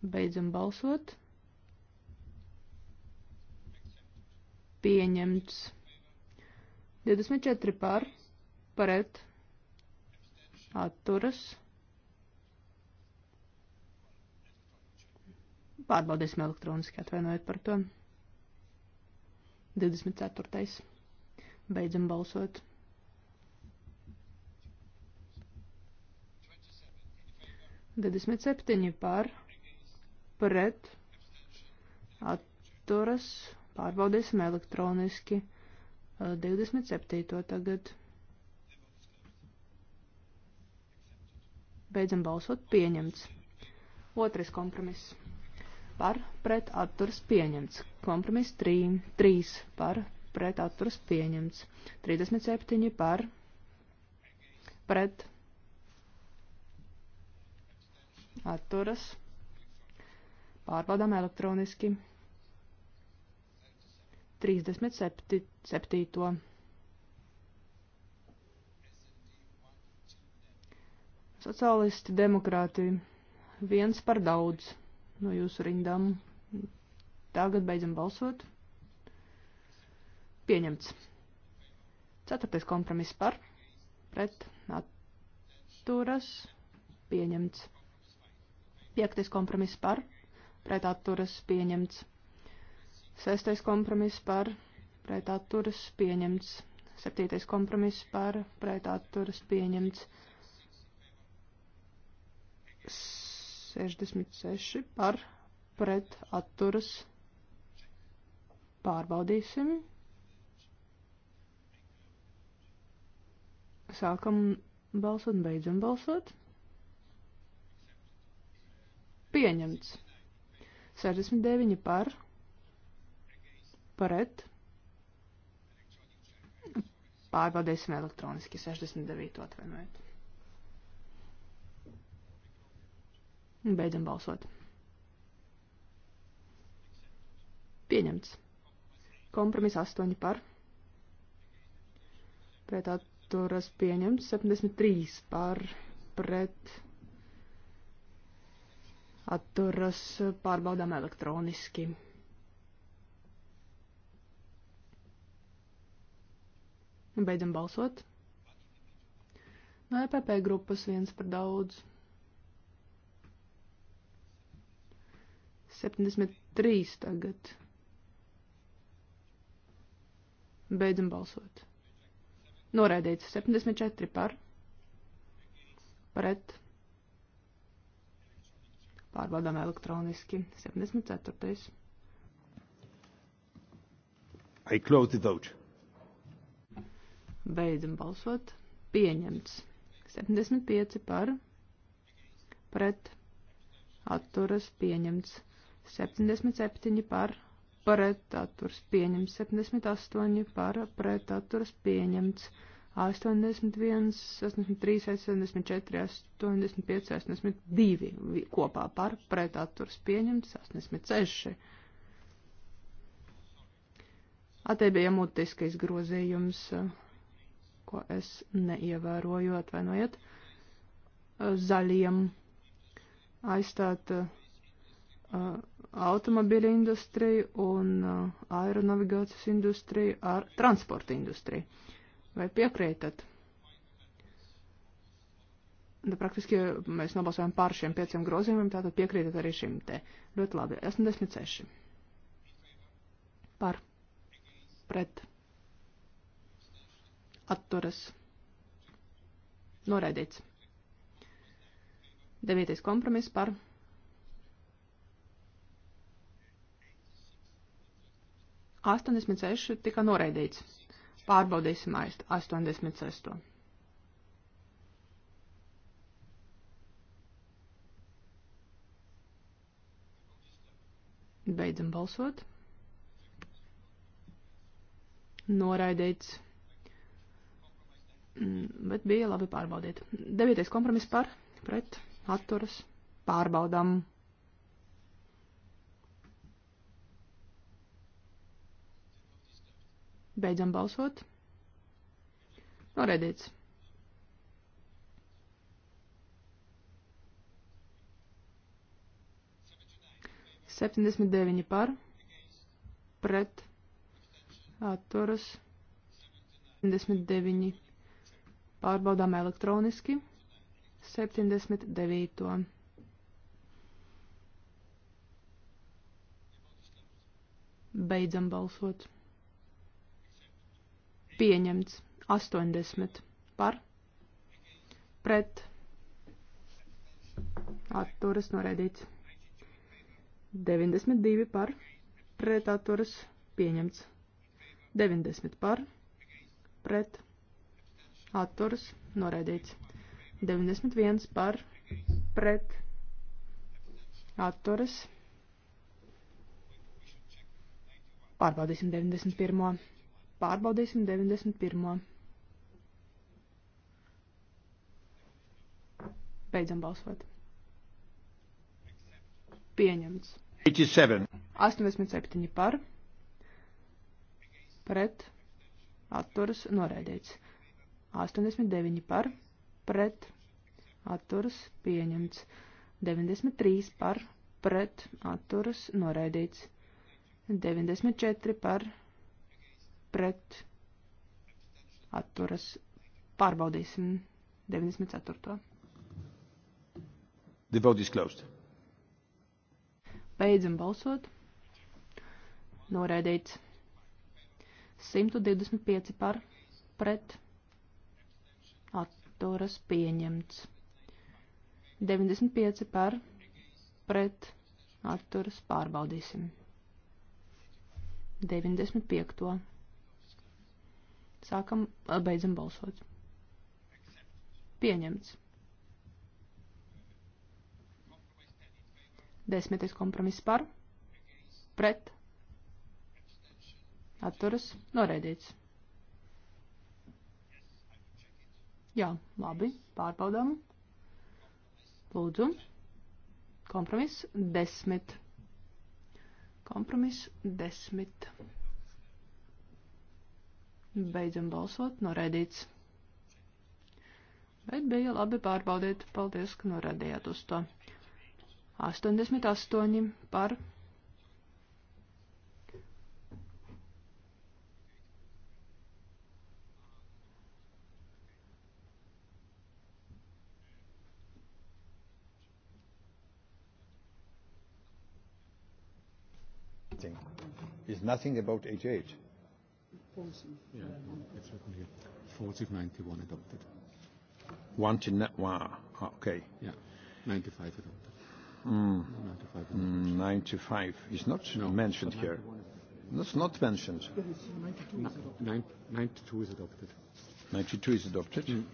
Beidzam balsot. Pieņemts. 24 par, paret, atturas. Pārbaudīsim elektroniski, atvainojiet par to. 24. Beidzam balsot. Dedesmit septiņi par pret atturas pārbaudīsim elektroniski 27. tagad. Beidzam balsot pieņemts. Otrais kompromiss. Par pret atturas pieņemts. Kompromiss 3. 3 par pret atturas pieņemts. 37 par pret atturas pieņemts atturas Pārbaudām elektroniski. 37. Sociālisti, demokrāti, viens par daudz no jūsu rindām. Tagad beidzam balsot. Pieņemts. Ceturtais kompromiss par, pret, atturas, pieņemts. Piektais kompromiss par, pret atturas pieņemts. Sestais kompromiss par pret atturas pieņemts. Septītais kompromiss par pret atturas pieņemts. 66 par pret atturas pārbaudīsim. Sākam balsot, beidzam balsot. Pieņemts. 69 par, pret. Pārbaudīsim elektroniski 69. atvainojiet. Beidzam balsot. Pieņemts. Kompromis 8 par. Pret atturas pieņemts 73 par. Pret atturas pārbaudām elektroniski. Beidzam balsot. No EPP grupas viens par daudz. 73 tagad. Beidzam balsot. Noraidīts 74 par. Pret. Pārbaudām elektroniski. 74. I close the vote. Beidzam balsot. Pieņemts. 75 par. Pret. Atturas pieņemts. 77 par. Pret. Atturas pieņemts. 78 par. Pret. Atturas pieņemts. 81, 83, 74, 85, 82 kopā par pretaturs pieņemts 86. Atei bija mutiskais grozījums, ko es neievēroju, atvainojiet, zaļiem aizstāt uh, automobiļu industriju un uh, aeronavigācijas industriju ar transporta industriju Vai piekrītat? Nu, praktiski mēs nobalsojam pār šiem pieciem grozījumiem, tātad piekrītat arī šim te. Ļoti labi. 86. Par. Pret. Atturas. Noraidīts. Devītais kompromiss par. Astoņdesmit seši tika noraidīts. Pārbaudīsim 86. Beidzam balsot. Noraidīts. Mm, bet bija labi pārbaudīt. Devietais kompromiss par, pret, atturas, pārbaudām. Beidzam balsot. Noraidīts. Septiņdesmit deviņi par, pret, atturas, 79, pārbaudām elektroniski, 79. Beidzam balsot. Pieņemts. 80 par. Pret. Atturas noraidīts. 92 par. Pret atturas pieņemts. 90 par. Pret. Atturas noraidīts. 91 par. Pret. Atturas. Pārbaudīsim 91. Pārbaudīsim 91. Beidzam balsot. Pieņemts. 87. 87 par. Pret. Atturas noraidīts. 89 par. Pret. Atturas pieņemts. 93 par. Pret. Atturas noraidīts. 94 par. Pret pret atturas pārbaudīsim 94. The vote is closed. Beidzam balsot. Noraidīts. 125 par pret. Atturas pieņemts. 95 par pret. Atturas pārbaudīsim. 95. Sākam, beidzam balsot. Pieņemts. Desmitais kompromiss par, pret, atturas, noraidīts. Jā, labi, pārbaudām. Lūdzu, kompromiss desmit. Kompromiss desmit. Beidzam balsot, noraidīts. Bet bija labi pārbaudīt. Paldies, ka norādījāt uz to. 88 par. Is nothing about HH. Yeah, it's written here. 4091 adopted. Wanted net, wow, okay. Yeah, 95 adopted. Mm. 95, hmm, adopted. Mm, 95 is not no, mentioned here. That's not mentioned. 92 is adopted. 92 is adopted? Mm.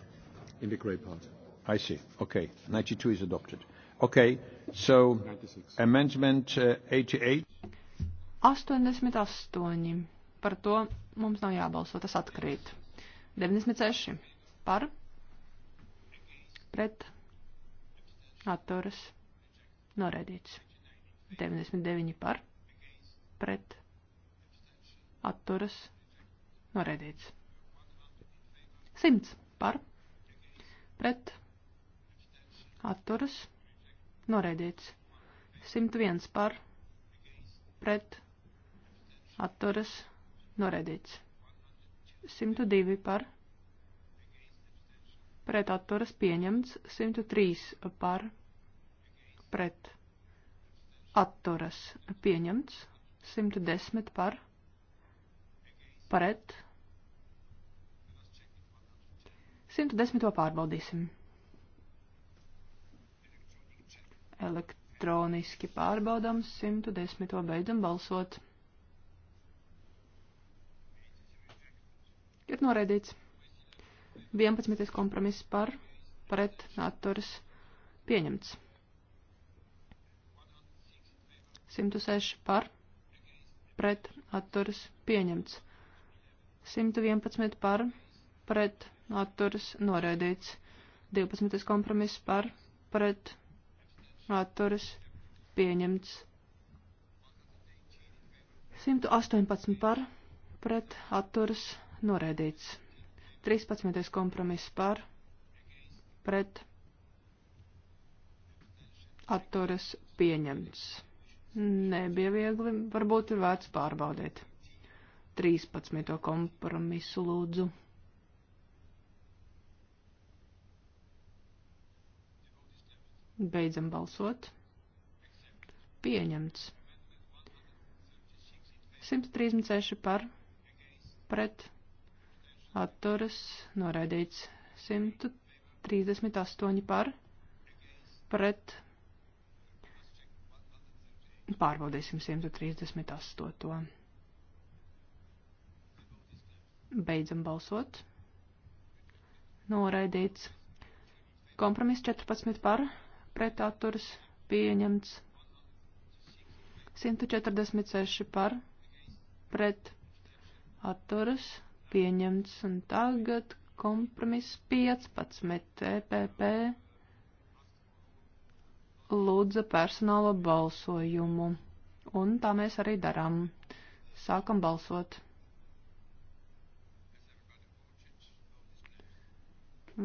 In the grey part. I see. Okay. 92 is adopted. Okay. So 96. amendment uh, 88. 88 par to mums nav jābalso, tas atkrīt. 96 par, pret, atturas, noraidīts. 99 par, pret, atturas, noraidīts. 100 par, pret, atturas, noraidīts. 101 par, pret, atturas, noraidīts. Noraidīts. 102 par. Pret atturas pieņemts. 103 par. Pret atturas pieņemts. 110 par. Pret. 110 pārbaudīsim. Elektroniski pārbaudām 110 beidzam balsot. ir noraidīts. 11. kompromiss par pret atturas pieņemts. 106 par pret atturas pieņemts. 111 par pret atturas noraidīts. 12. kompromiss par pret atturas pieņemts. 118 par pret atturas pieņemts noraidīts. 13. kompromiss par, pret, atturas pieņemts. Nebija viegli, varbūt ir vērts pārbaudīt. 13. kompromisu lūdzu. Beidzam balsot. Pieņemts. 136 par, pret, atturas noraidīts 138 par pret pārbaudīsim 138. Beidzam balsot. Noraidīts. Kompromiss 14 par pret atturas pieņemts. 146 par pret atturas pieņemts pieņemts. Un tagad kompromiss 15 EPP lūdza personālo balsojumu. Un tā mēs arī darām. Sākam balsot.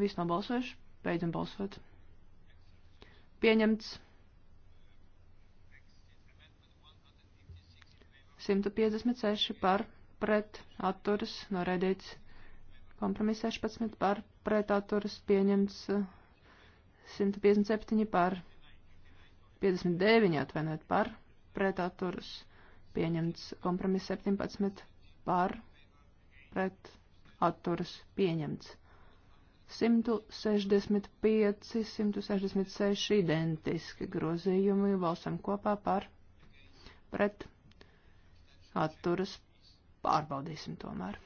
Viss nav balsojuši. Beidzam balsot. Pieņemts. 156 par pret atturas noraidīts. Kompromiss 16 par pret atturas pieņemts 157 eh, par 59 atvainot par pret atturas pieņemts. Kompromiss 17 par pret atturas pieņemts. 165, 166 identiski grozījumi balsam kopā par pret atturas Pārbaudīsim tomēr.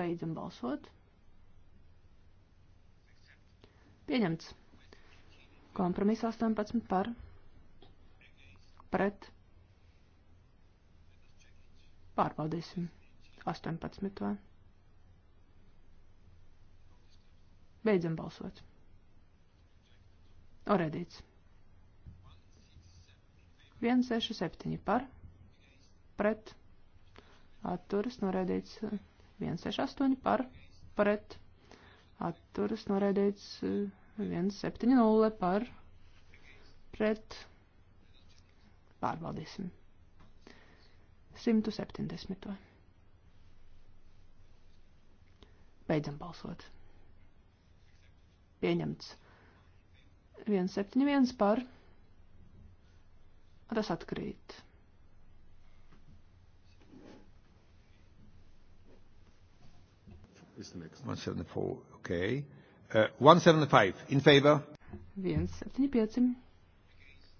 Beidzam balsot. Pieņemts. Kompromiss 18 par. Pret. Pārbaudīsim. 18. Beidzam balsot. Oredīts. 167 par pret atturas noraidīts 168 par pret atturas noraidīts 170 par pret pārbaudīsim 170. Beidzam balsot. Pieņemts 171 par. Tas atkrīt. is the next. 174, okay. Uh, 175, in favor? 175,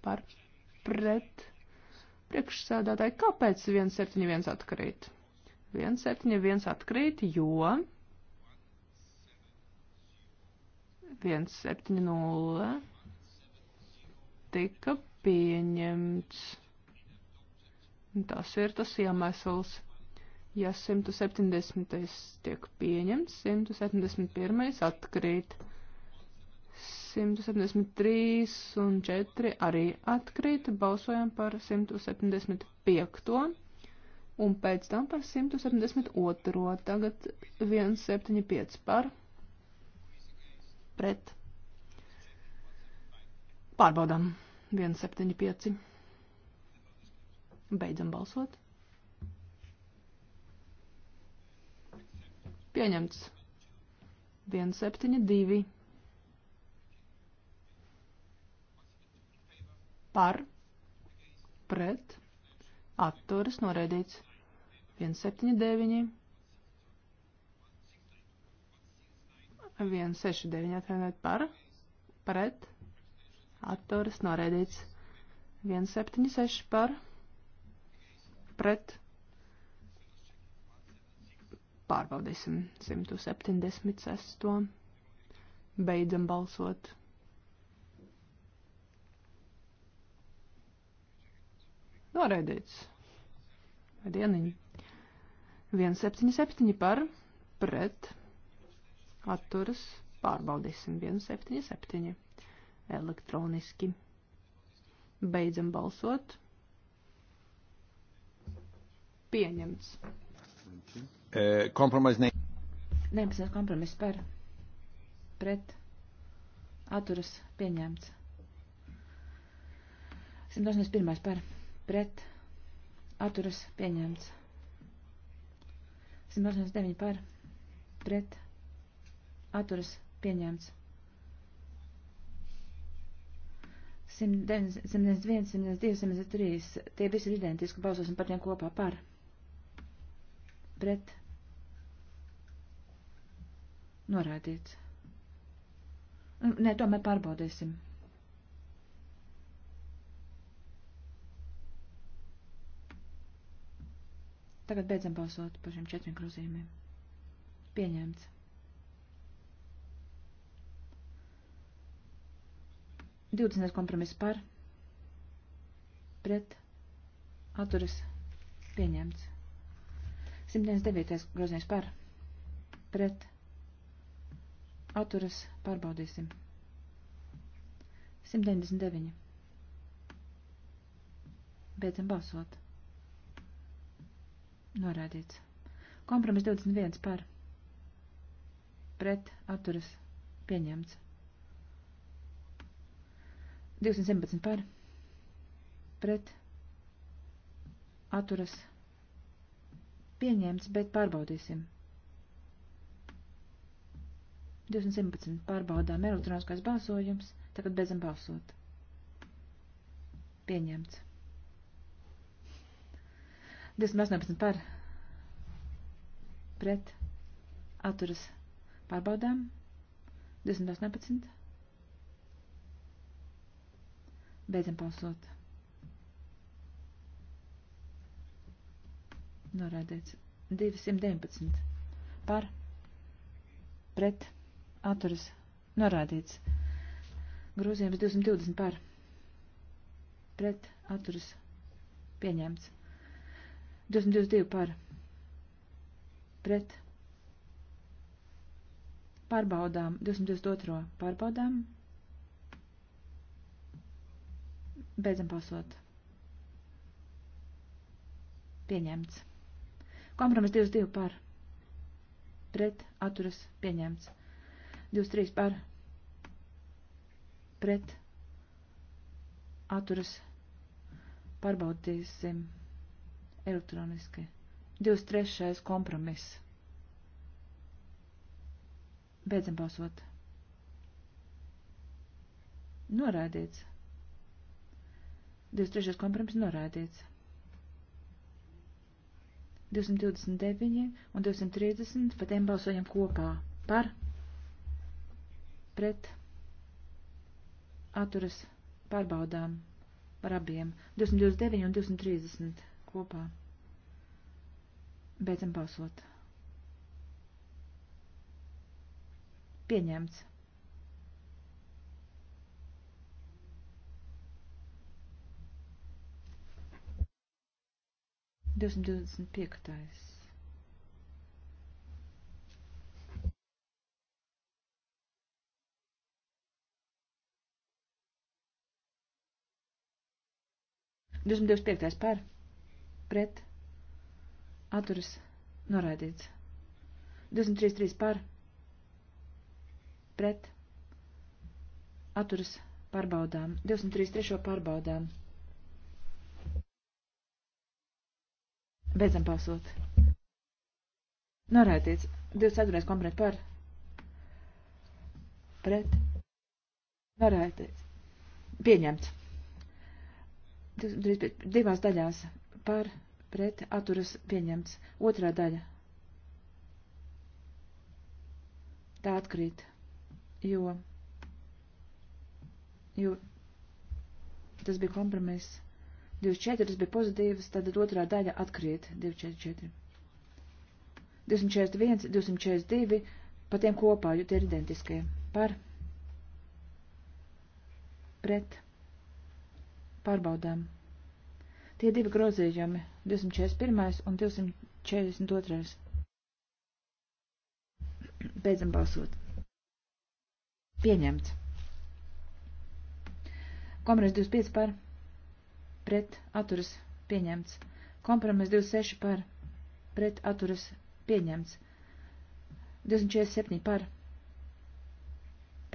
par, pret. Priekšsēdētāji, kāpēc 171 atkrīt? 171 atkrīt, jo 170 tika pieņemts. Tas ir tas iemesls. Ja 170. tiek pieņemts, 171. atkrīt. 173 un 4 arī atkrīt. Balsojam par 175. Un pēc tam par 172. Tagad 175 par pret. Pārbaudām 175. Beidzam balsot. Pieņemts. 172. Par. Pret. Atturas noraidīts. 179. 169 atvainojiet par. Pret. Atturas noraidīts. 176 par. Pret Pārbaudīsim 176. Beidzam balsot. Noraidīts. Dieniņi. 177 par pret atturas. Pārbaudīsim 177 elektroniski. Beidzam balsot. Pieņemts. Thank you. Kompromis eh, ne. 19. kompromiss par pret atturas pieņemts. 181. par pret atturas pieņemts. 189 par pret atturas pieņemts. 191, 192, 193. Tie visi ir identiski. Balsosim par tiem kopā par pret Norādīts. Mm, nē, tomēr pārbaudīsim. Tagad beidzam balsot par šiem četriem grozījumiem. Pieņemts. Divdesmit kompromiss par, pret, atturas, pieņemts. 109. grozījums par, pret, Atturas pārbaudīsim. 199. Beidzam balsot. Norādīts. Kompromis 21 par. Pret atturas pieņemts. 217 par. Pret atturas pieņemts, bet pārbaudīsim. 217 pārbaudām elektroniskais balsojums, tagad beidzam balsot. Pieņemts. 218 par pret atturas pārbaudām. 218. Beidzam balsot. Norādīts. 219 par pret atturas pārbaudām atturas norādīts. Grozījums 220 par pret atturas pieņemts. 222 par pret pārbaudām 222 pārbaudām. Beidzam pasot. Pieņemts. Kompromis 22 par pret atturas pieņemts. 23 par pret atturas pārbaudīsim elektroniski. 23. kompromiss. Beidzam balsot. Norādīts. 23. kompromiss norādīts. 229 un 230 par tiem balsojam kopā par pret atturas pārbaudām par abiem 229 un 230 kopā. Beidzam balsot. Pieņemts. Divsimt divdesmit piektais. 225. par pret atturas noraidīts. 233 par pret atturas pārbaudām. 233 pārbaudām. Beidzam balsot. Norādīts 24. konkrēt par. Pret. Norādīts. Pieņemts divās daļās par pret atturas pieņemts. Otrā daļa. Tā atkrīt, jo, jo tas bija kompromiss. 24 bija pozitīvas, tad otrā daļa atkrīt 244. 241, 242, pa tiem kopā, jo tie ir identiskie. Par. Pret Pārbaudām. Tie divi grozījumi - 241. un 242. Beidzam balsot. Pieņemts. Kompromiss 25 par. Pret atturas pieņemts. Kompromiss 26 par. Pret atturas pieņemts. 247 par.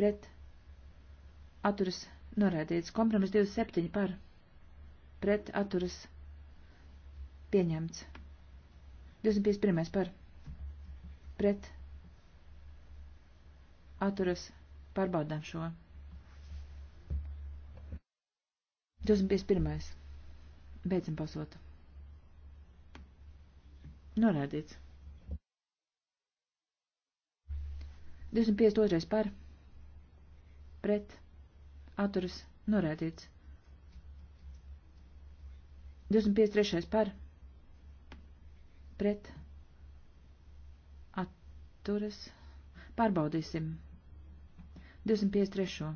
Pret atturas pieņemts Norēdīts. Kompromiss 27 par. Pret atturas. Pieņemts. 251 par. Pret atturas. Pārbaudām šo. 251. Beidzam pasot. Norādīts. 252. par. Pret atturas norēdīts. 25. trešais par pret atturas pārbaudīsim. 25. trešo.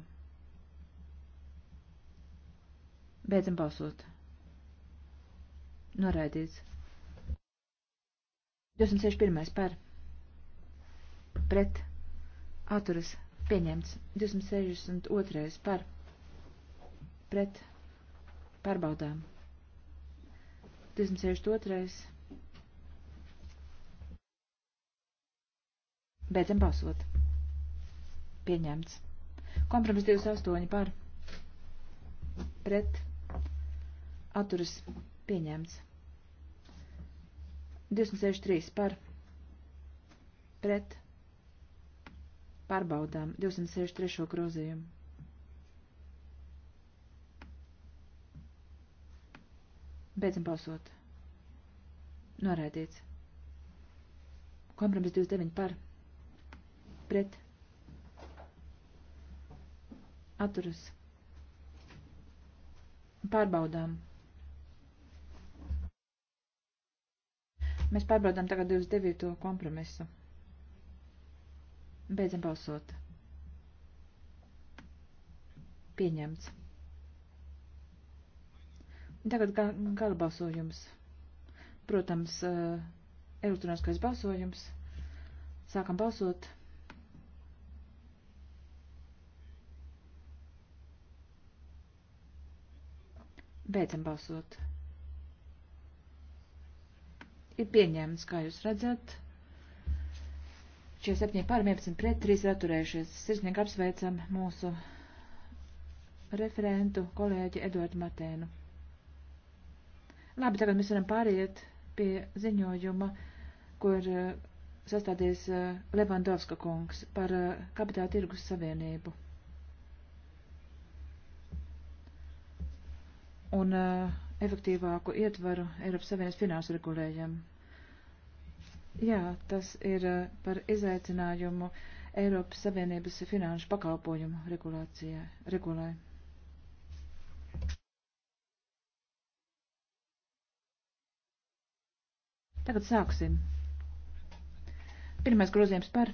Beidzam balsot. Noraidīts. 261. par. Pret. Atturas. Pieņemts. 262. par. Pret. Pārbaudām. 262. Beidzam balsot. Pieņemts. Kompromiss 28 par. Pret. Atturas. Pieņemts. 263 par. Pret Pārbaudām 263. grozījumu. Beidzam balsot. Noraidīts. Kompromiss 29 par. Pret. Atturas. Pārbaudām. Mēs pārbaudām tagad 29. kompromisu. Beidzam balsot. Pieņemts. Tagad gala balsojums. Protams, eh, elektroniskais balsojums. Sākam balsot. Beidzam balsot. Ir pieņēmums, kā jūs redzat. 47 pār 11 pret 3 atturējušies. Sirsnīgi apsveicam mūsu referentu kolēģi Eduardu Matēnu. Labi, tagad mēs varam pāriet pie ziņojuma, kur eh, sastādīs eh, Levandovska kungs par eh, kapitāla tirgus savienību. Un efektīvāku ietvaru Eiropas Savienības finansu regulējumu. Jā, tas ir eh, par izaicinājumu Eiropas Savienības finanšu pakalpojumu regulācijai. regulai. Tagad sāksim. Pirmais grozījums par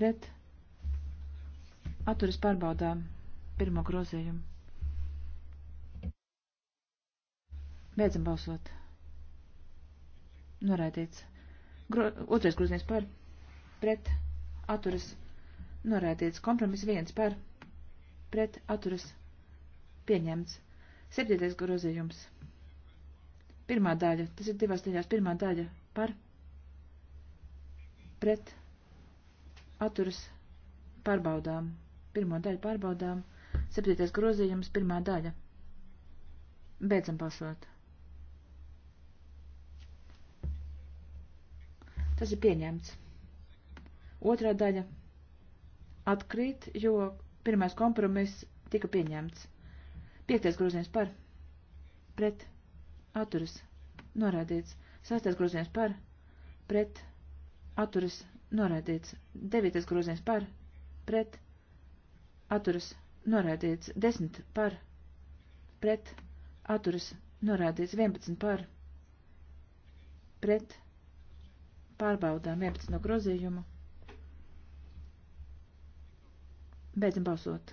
pret atturas pārbaudām pirmo grozījumu. Beidzam balsot. Norādīts. Gro, otrais grozījums par. Pret. Atturas. Norādīts. Kompromis viens par. Pret. Atturas. Pieņemts. Septītais grozījums. Pirmā daļa. Tas ir divās daļās. Pirmā daļa par. Pret. Atturas. Pārbaudām. Pirmo daļu pārbaudām. Septītais grozījums. Pirmā daļa. Beidzam balsot. Tas ir pieņemts. Otrā daļa atkrīt, jo pirmais kompromiss tika pieņemts. Piektais grozījums par, pret, atturas, norādīts. Sastais grozījums par, pret, atturas, norādīts. Devītais grozījums par, pret, atturas, norādīts. Desmit par, pret, atturas, norādīts. Vienpadsmit par, pret, atturas, norādīts Pārbaudām 11 no grozījumu. Beidzam balsot.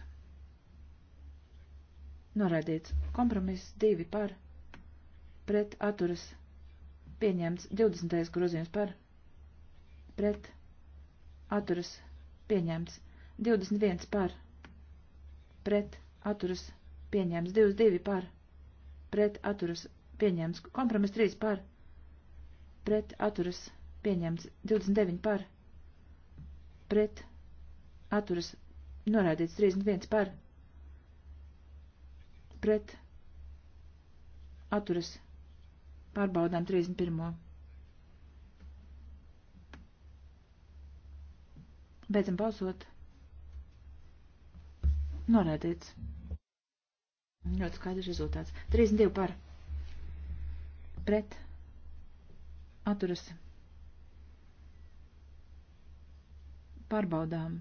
Noraidīts. Kompromiss 2 par. Pret atturas. Pieņemts 20. grozījums par. Pret. Atturas. Pieņemts. 21 par. Pret. Atturas. Pieņemts. 22 par. Pret. Atturas. Pieņemts. Kompromiss 3 par. Pret. Atturas. Pieņemts pieņemts 29 par, pret, atturas, norādīts 31 par, pret, atturas, pārbaudām 31. Beidzam balsot. Norādīts. Ļoti skaidrs rezultāts. 32 par. Pret. Atturas. pārbaudām.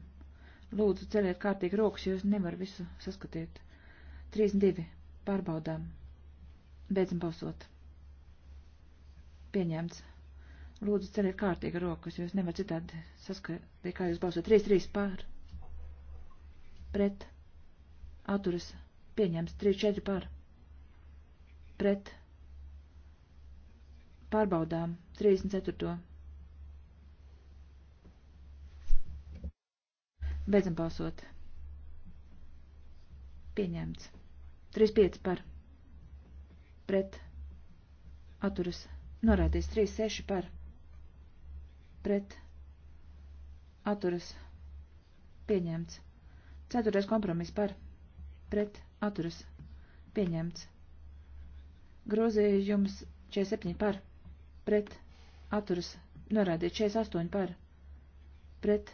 Lūdzu, celiet kārtīgi rokas, jo es nevaru visu saskatīt. 32. Pārbaudām. Beidzam balsot. Pieņemts. Lūdzu, celiet kārtīgi rokas, jo es nevaru citādi saskatīt, kā jūs balsot. 3, 3 pār. Pret. Atturas. Pieņemts. 3, 4 pār. Pret. Pārbaudām. 34. Beidzam balsot. Pieņemts. 3-5 par. Pret. Atturas. Norādīts. 3-6 par. Pret. Atturas. Pieņemts. 4. kompromis par. Pret. Atturas. Pieņemts. Grozījums 47 par. Pret. Atturas. Norādīts. 48 par. Pret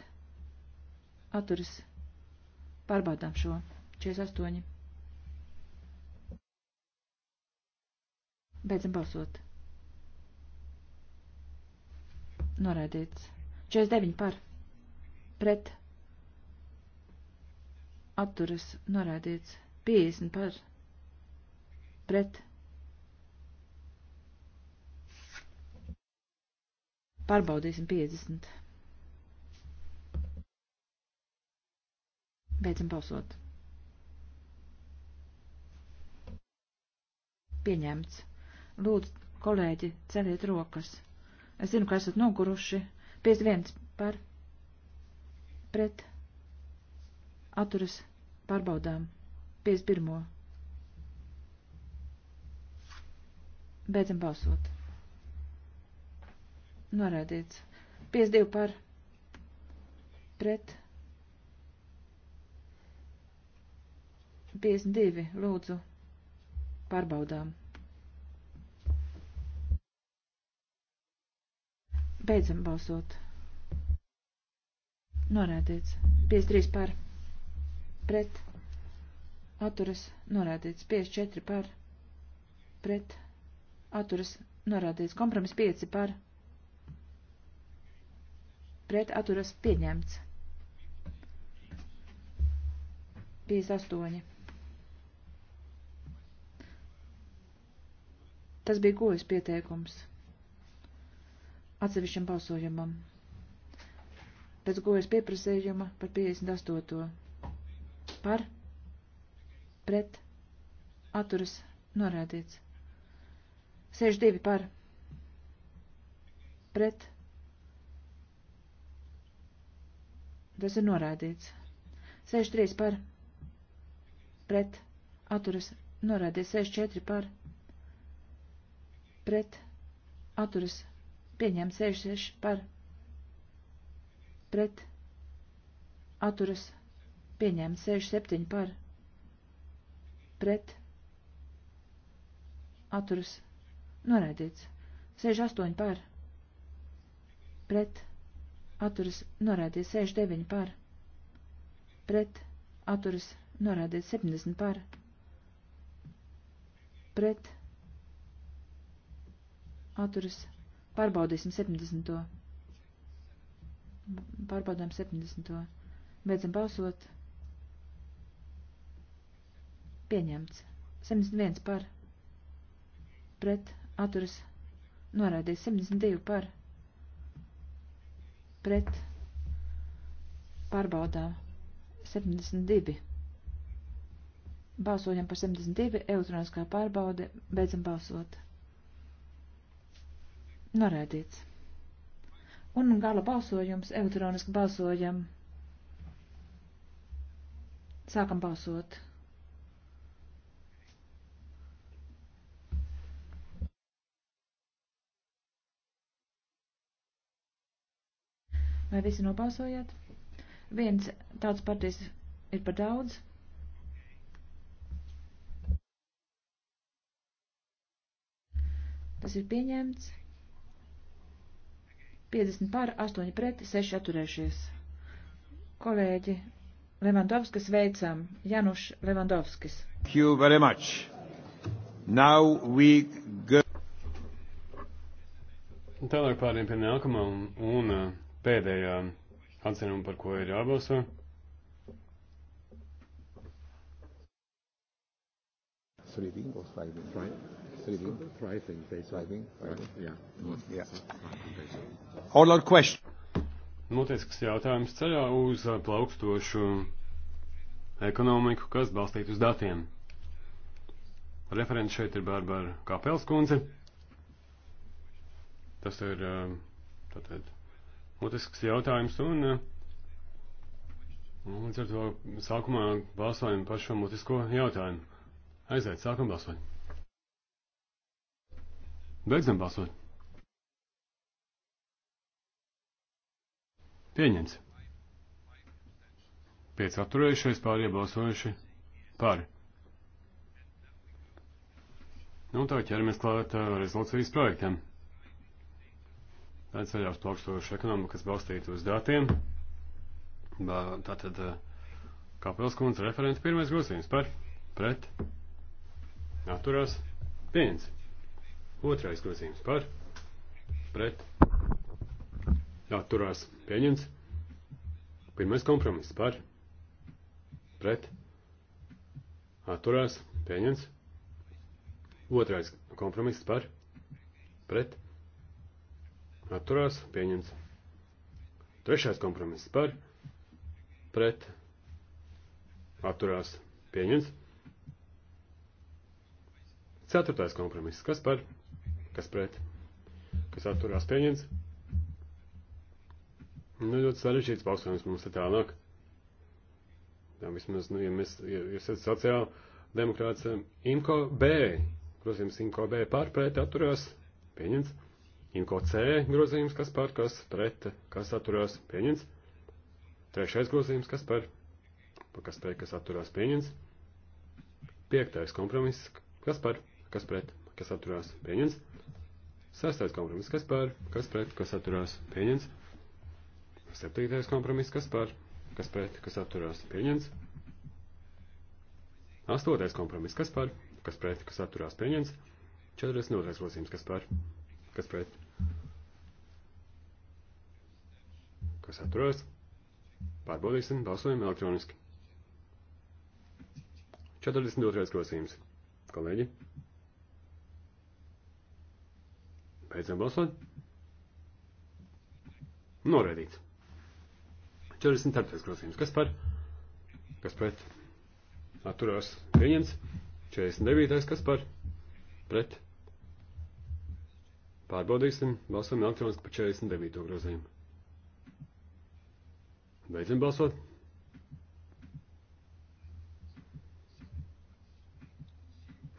atturas pārbaudām šo 48. Beidzam balsot. Noraidīts. 49 par. Pret. Atturas. Noraidīts. 50 par. Pret. Pārbaudīsim 50. Beidzam balsot. Pieņemts. Lūdzu, kolēģi, celiet rokas. Es zinu, ka esat noguruši. 51 par pret atturas pārbaudām. 51. Beidzam balsot. Norādīts. 52 par pret atturas pārbaudām 52, lūdzu, pārbaudām. Beidzam balsot. Norādīts. 53 par. Pret. Atturas. Norādīts. 54 par. Pret. Atturas. Norādīts. Kompromis 5 par. Pret. Atturas. Pieņemts. 58. Tas bija gojas pieteikums atsevišķam balsojumam. Pēc gojas pieprasējuma par 58. Par, pret, atturas, norādīts. 62 par, pret, tas ir norādīts. 63 par, pret, atturas, norādīts. 64 par, pret pret atturas pieņem 66 par pret atturas pieņem 67 par pret atturas noraidīts 68 par pret atturas noraidīts 69 par pret atturas noraidīts 70 par pret atturas pārbaudīsim 70. Pārbaudām 70. Beidzam balsot. Pieņemts. 71 par. Pret. Atturas. Noraidīts. 72 par. Pret. Pārbaudām. 72. Balsojam par 72. Elektroniskā pārbaude. Beidzam balsot. Norēdīts. Un gala balsojums elektroniski balsojam. Sākam balsot. Vai visi nobalsojāt? Viens tautas partijas ir par daudz. Tas ir pieņemts. 50 pār, 8 pret, 6 atturējušies. Kolēģi Levandovskis veicam, Januš Levandovskis. Thank you very much. Now we go. Tālāk pārējiem pie nākamā un, un uh, pēdējā atzinuma, par ko ir jābalso. Three bingos, five bingos. Right thriving, thriving, thriving, thriving. Jā. Jā. Oral question. Notiesks jautājums ceļā uz uh, plaukstošu ekonomiku, kas balstīt uz datiem. Referents šeit ir Bārbara Kapelskundze. Tas ir uh, tātad notiesks jautājums uh, un līdz ar to sākumā balsojam par šo mutisko jautājumu. Aiziet, sākam balsot. Beidzam balsot. Pieņemts. Pēc atturējušies pārējie balsojuši par. Nu, tā ķeramies klāt uh, rezolūcijas projektam. Tā ceļā uz plaukstošu ekonomiku, kas balstītu uz datiem. Bā, tātad, uh, kā pilskundze referenta pirmais grozījums par, pret, atturās, pieņemts. Otrais grozījums par, pret, atturās pieņemts. Pirmais kompromiss par, pret, atturās pieņemts. Otrais kompromiss par, pret, atturās pieņemts. Trešais kompromiss par, pret, atturās pieņemts. Ceturtais kompromiss, kas par, pret, kas pret, kas atturās pieņems. Nu, ļoti sarežģīts balsojums mums ir tālāk. Tā vismaz, nu, ja mēs, ja jūs esat sociāli demokrāts, IMCO B, grozījums IMCO B pārpret atturās pieņems. IMCO C grozījums, kas par, kas pret, kas atturās pieņems. Trešais grozījums, kas par, kas pret, kas atturās pieņems. Piektais kompromiss, kas par, kas pret, kas atturās pieņems. Sastais kompromiss, kas par, kas pret, kas atturās, pieņems. Septītais kompromiss, kas par, kas pret, kas atturās, pieņems. Astotais kompromiss, kas par, kas pret, kas atturās, pieņems. 42. grozījums, kas par, kas pret, kas atturās. Pārbaudīsim, balsojam elektroniski. 42. grozījums. Kolēģi! Beidzam balsot. Noraidīts. 44. grozījums. Kas par? Kas pret? Atturās pieņemts. 49. Kas par? Pret. Pārbaudīsim. Balsam elektroniski par 49. grozījumu. Beidzam balsot.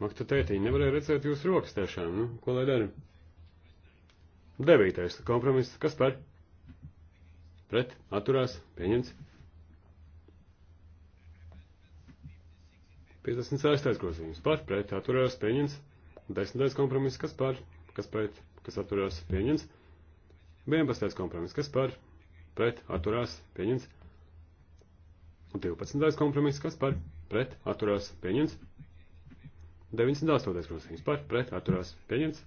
Ak, tu tētiņ, nevarēja redzēt jūsu rokas tiešām, nu, ko lai darītu? Devītais kompromiss. Kas par? Pret. Atturās. Pieņemts. 56. grozījums. Par. Pret. Atturās. Pieņemts. Desmitais kompromiss. Kas par? Kas pret? Kas atturās? Pieņemts. 11. kompromiss. Kas par? Pret. Atturās. Pieņemts. 12. kompromiss. Kas par? Pret. Atturās. Pieņemts. 98. grozījums. Par. Pret. Atturās. Pieņemts.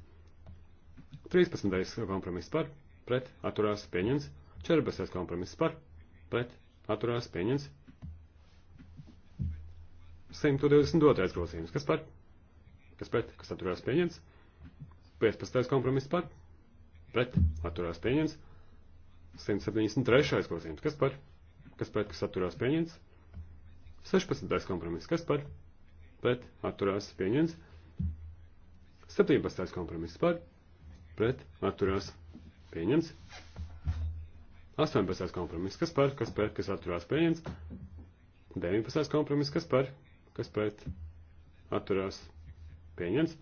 13. kompromiss par, pret, atturās, pieņems. 14. kompromiss par, pret, atturās, pieņems. 122. grozījums, kas par, kas pret, kas atturās, pieņems. 15. kompromiss par, pret, atturās, pieņems. 173. grozījums, kas par, kas pret, kas atturās, pieņems. 16. kompromiss, kas par, pret, atturās, pieņems. 17. kompromiss par, pret, atturās, pieņems. 18. kompromiss, kas par, kas pret, kas atturās, pieņems. 19. kompromiss, kas par, kas pret, atturās, pieņems.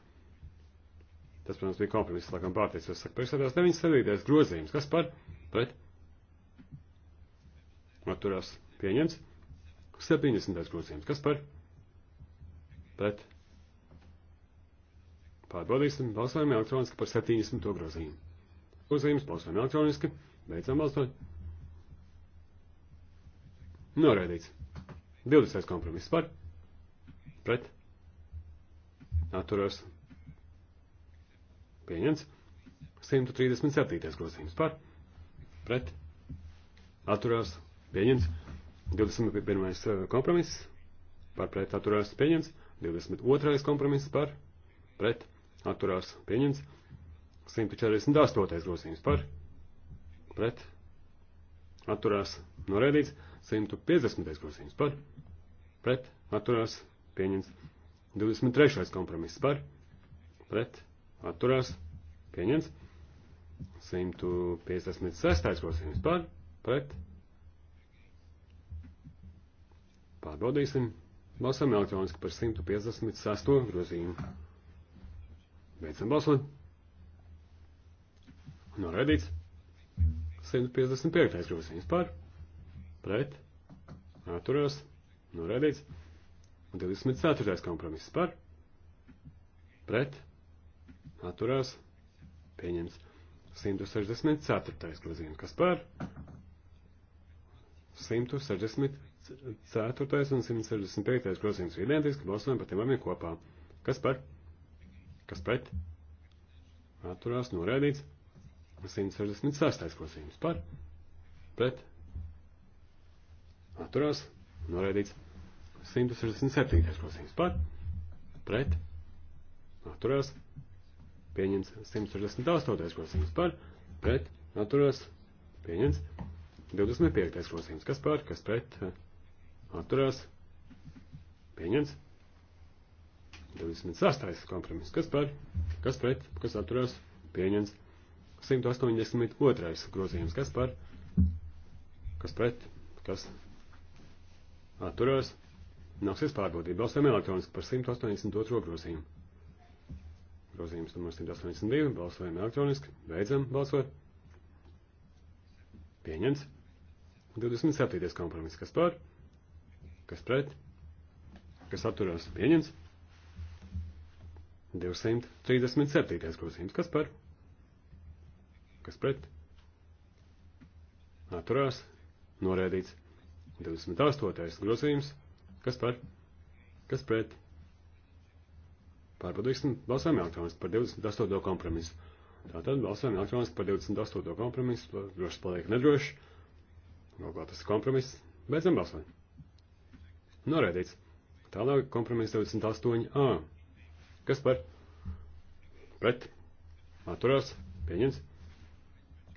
Tas, protams, bija kompromiss, laikam pārties, jo saka, priekšsēdās 97. grozījums, kas par, pret, atturās, pieņems. 70. grozījums, kas par, pret, Pārbaudīsim balsojumu elektroniski par 70. grozījumu. Uzzīmes balsojumu elektroniski. Beidzam balsot. Noraidīts. 20. kompromiss par. Pret. Atturos. Pieņemts. 137. grozījums par. Pret. Atturās. Pieņemts. 21. Eh, kompromiss par pret atturās pieņemts. 22. kompromiss par pret atturās pieņemts. 148. grozījums par, pret, atturās norēdīts. 150. grozījums par, pret, atturās pieņemts. 23. kompromiss par, pret, atturās pieņemts. 156. grozījums par, pret. Pārbaudīsim. Balsam elektroniski par 156. grozījumu. Beidzam balsot. Noraidīts. 155. grozījums par. Pret. Atturās. Noraidīts. 24. kompromiss par. Pret. Atturās. Pieņems. 164. grozījums. Kas par? 164. un 165. grozījums ir identiski. Balsojam par tiem abiem kopā. Kas par? Kas pret? Atturās norēdīts. 166. grozījums par. Pret. Atturās norēdīts. 167. grozījums par. Pret. Atturās. Pieņems 168. grozījums par. Pret. Atturās. Pieņems 25. grozījums. Kas par? Kas pret? Atturās. Pieņems 26. kompromiss. Kas par? Kas pret? Kas atturās? Pieņems. 182. grozījums. Kas par? Kas pret? Kas atturās? Nāksies pārbaudīt. Balsojam elektroniski par 182. grozījumu. Grozījums numurs 182. Balsojam elektroniski. Beidzam balsot. Pieņems. 27. kompromiss. Kas par? Kas pret? Kas atturās? Pieņems. 237. grozījums. Kas par? Kas pret? Atturās. Norēdīts. 28. grozījums. Kas par? Kas pret? Pārbaudīsim balsām elektronis par 28. kompromisu. Tātad balsām elektronis par 28. kompromisu. Droši paliek nedroši. Galvā tas ir kompromiss. Beidzam balsot. Norēdīts. Tālāk kompromiss 28a. Kas par? Pret. Atturās. Pieņems.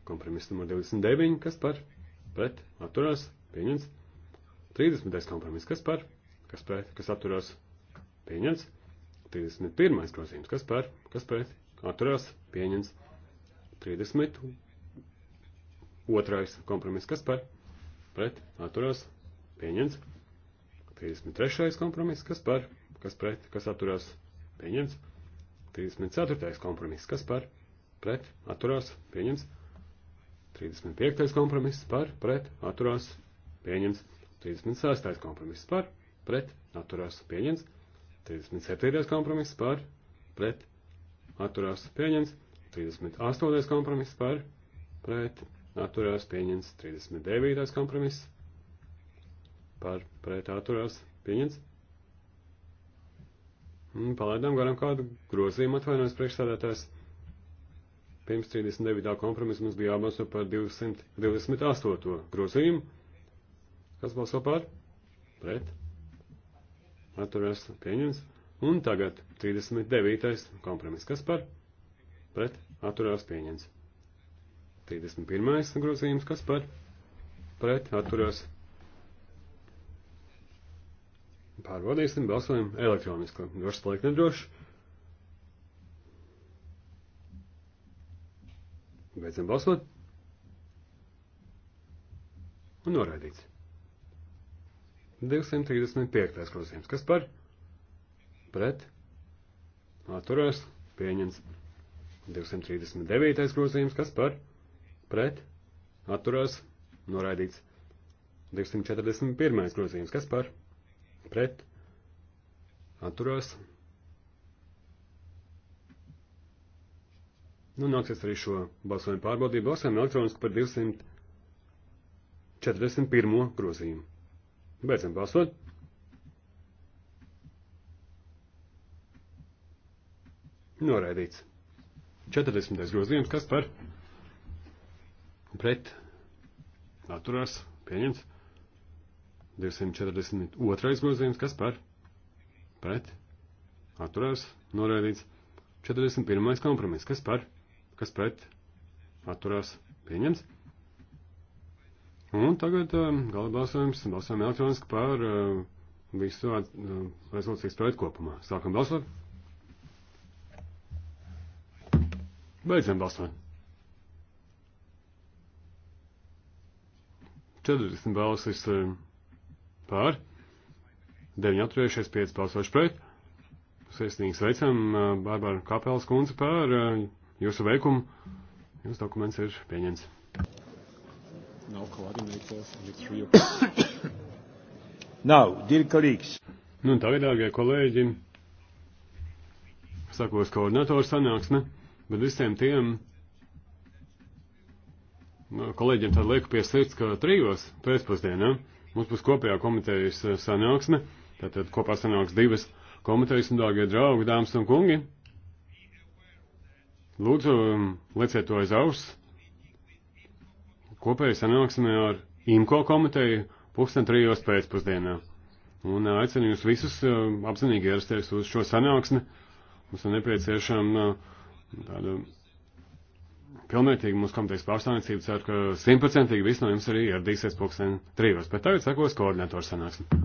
Kompromiss numur 29. Kas par? Pret. Atturās. Pieņems. 30. kompromiss. Kas par? Kas pret? Kas atturās? Pieņems. 31. grozījums. Kas par? Kas pret? Atturās. Pieņems. 30. Otrais kompromiss. Kas par? Pret. Atturās. Pieņems. 33. kompromiss. Kas par? Kas pret? Kas atturās? Pieņems pieņemts. 34. kompromiss, kas par, pret, atturās, pieņemts. 35. kompromiss par, pret, atturās, pieņemts. 36. kompromiss par, pret, atturās, pieņemts. 37. kompromiss par, pret, atturās, pieņemts. 38. kompromiss par, pret, atturās, pieņemts. 39. kompromiss par, pret, atturās, pieņemts. Un mm, palaidām garam kādu grozījumu atvainojas priekšsēdētājs. Pirms 39. kompromisa mums bija jābalso par 228. grozījumu. Kas balso par? Pret. Atturēs pieņems. Un tagad 39. kompromiss. Kas par? Pret. Atturēs pieņems. 31. grozījums. Kas par? Pret. Atturēs Pārbaudīsim, balsojam elektroniski. Drošs paliek nedrošs. Beidzam balsot. Un noraidīts. 235. grozījums. Kas par? Pret. Atturēs. Pieņems. 239. grozījums. Kas par? Pret. Atturēs. Noraidīts. 241. grozījums. Kas par? Pret pret, atturās. Nu, nāksies arī šo balsojumu pārbaudīt. Balsojam elektroniski par 241. grozījumu. Beidzam balsot. Noraidīts. 40. grozījums, kas par pret atturās pieņemts. 242. grozījums, kas par? Pret. Atturās. Noraidīts. 41. kompromiss, kas par? Kas pret? Atturās. Pieņems. Un tagad um, gala balsojums. Balsojam elektroniski par uh, visu uh, rezolūcijas projektu kopumā. Sākam balsot. Beidzam balsot. 40 balsis. Uh, pār, 9 atturējušies, 5 balsojuši pret. Sirsnīgi sveicam uh, Bārbara Kapels kundzi par uh, jūsu veikumu. Jūsu dokuments ir pieņemts. Now coordinators and it's three o'clock. <coughs> Now, dear colleagues. Nu, tagad, dārgie kolēģi, sakos koordinatoru sanāksme, bet visiem tiem nu, kolēģiem tad lieku pie sirds, ka trijos pēcpusdienā. Ja? Mums būs kopējā komitejas eh, sanāksme, tātad kopā sanāks divas komitejas un dārgie draugi, dāmas un kungi. Lūdzu, um, lieciet to aiz auss. Kopēja sanāksme ar IMCO komiteju pusdien trijos pēcpusdienā. Un eh, aicinu jūs visus um, apzinīgi ierasties uz šo sanāksmi. Mums ir nepieciešama um, tāda pilnvērtīgi mūsu komitejas pārstāvniecību ceru, ka simtprocentīgi viss no jums arī ieradīsies pulksten trijos, bet tagad sekos koordinatoru sanāksme.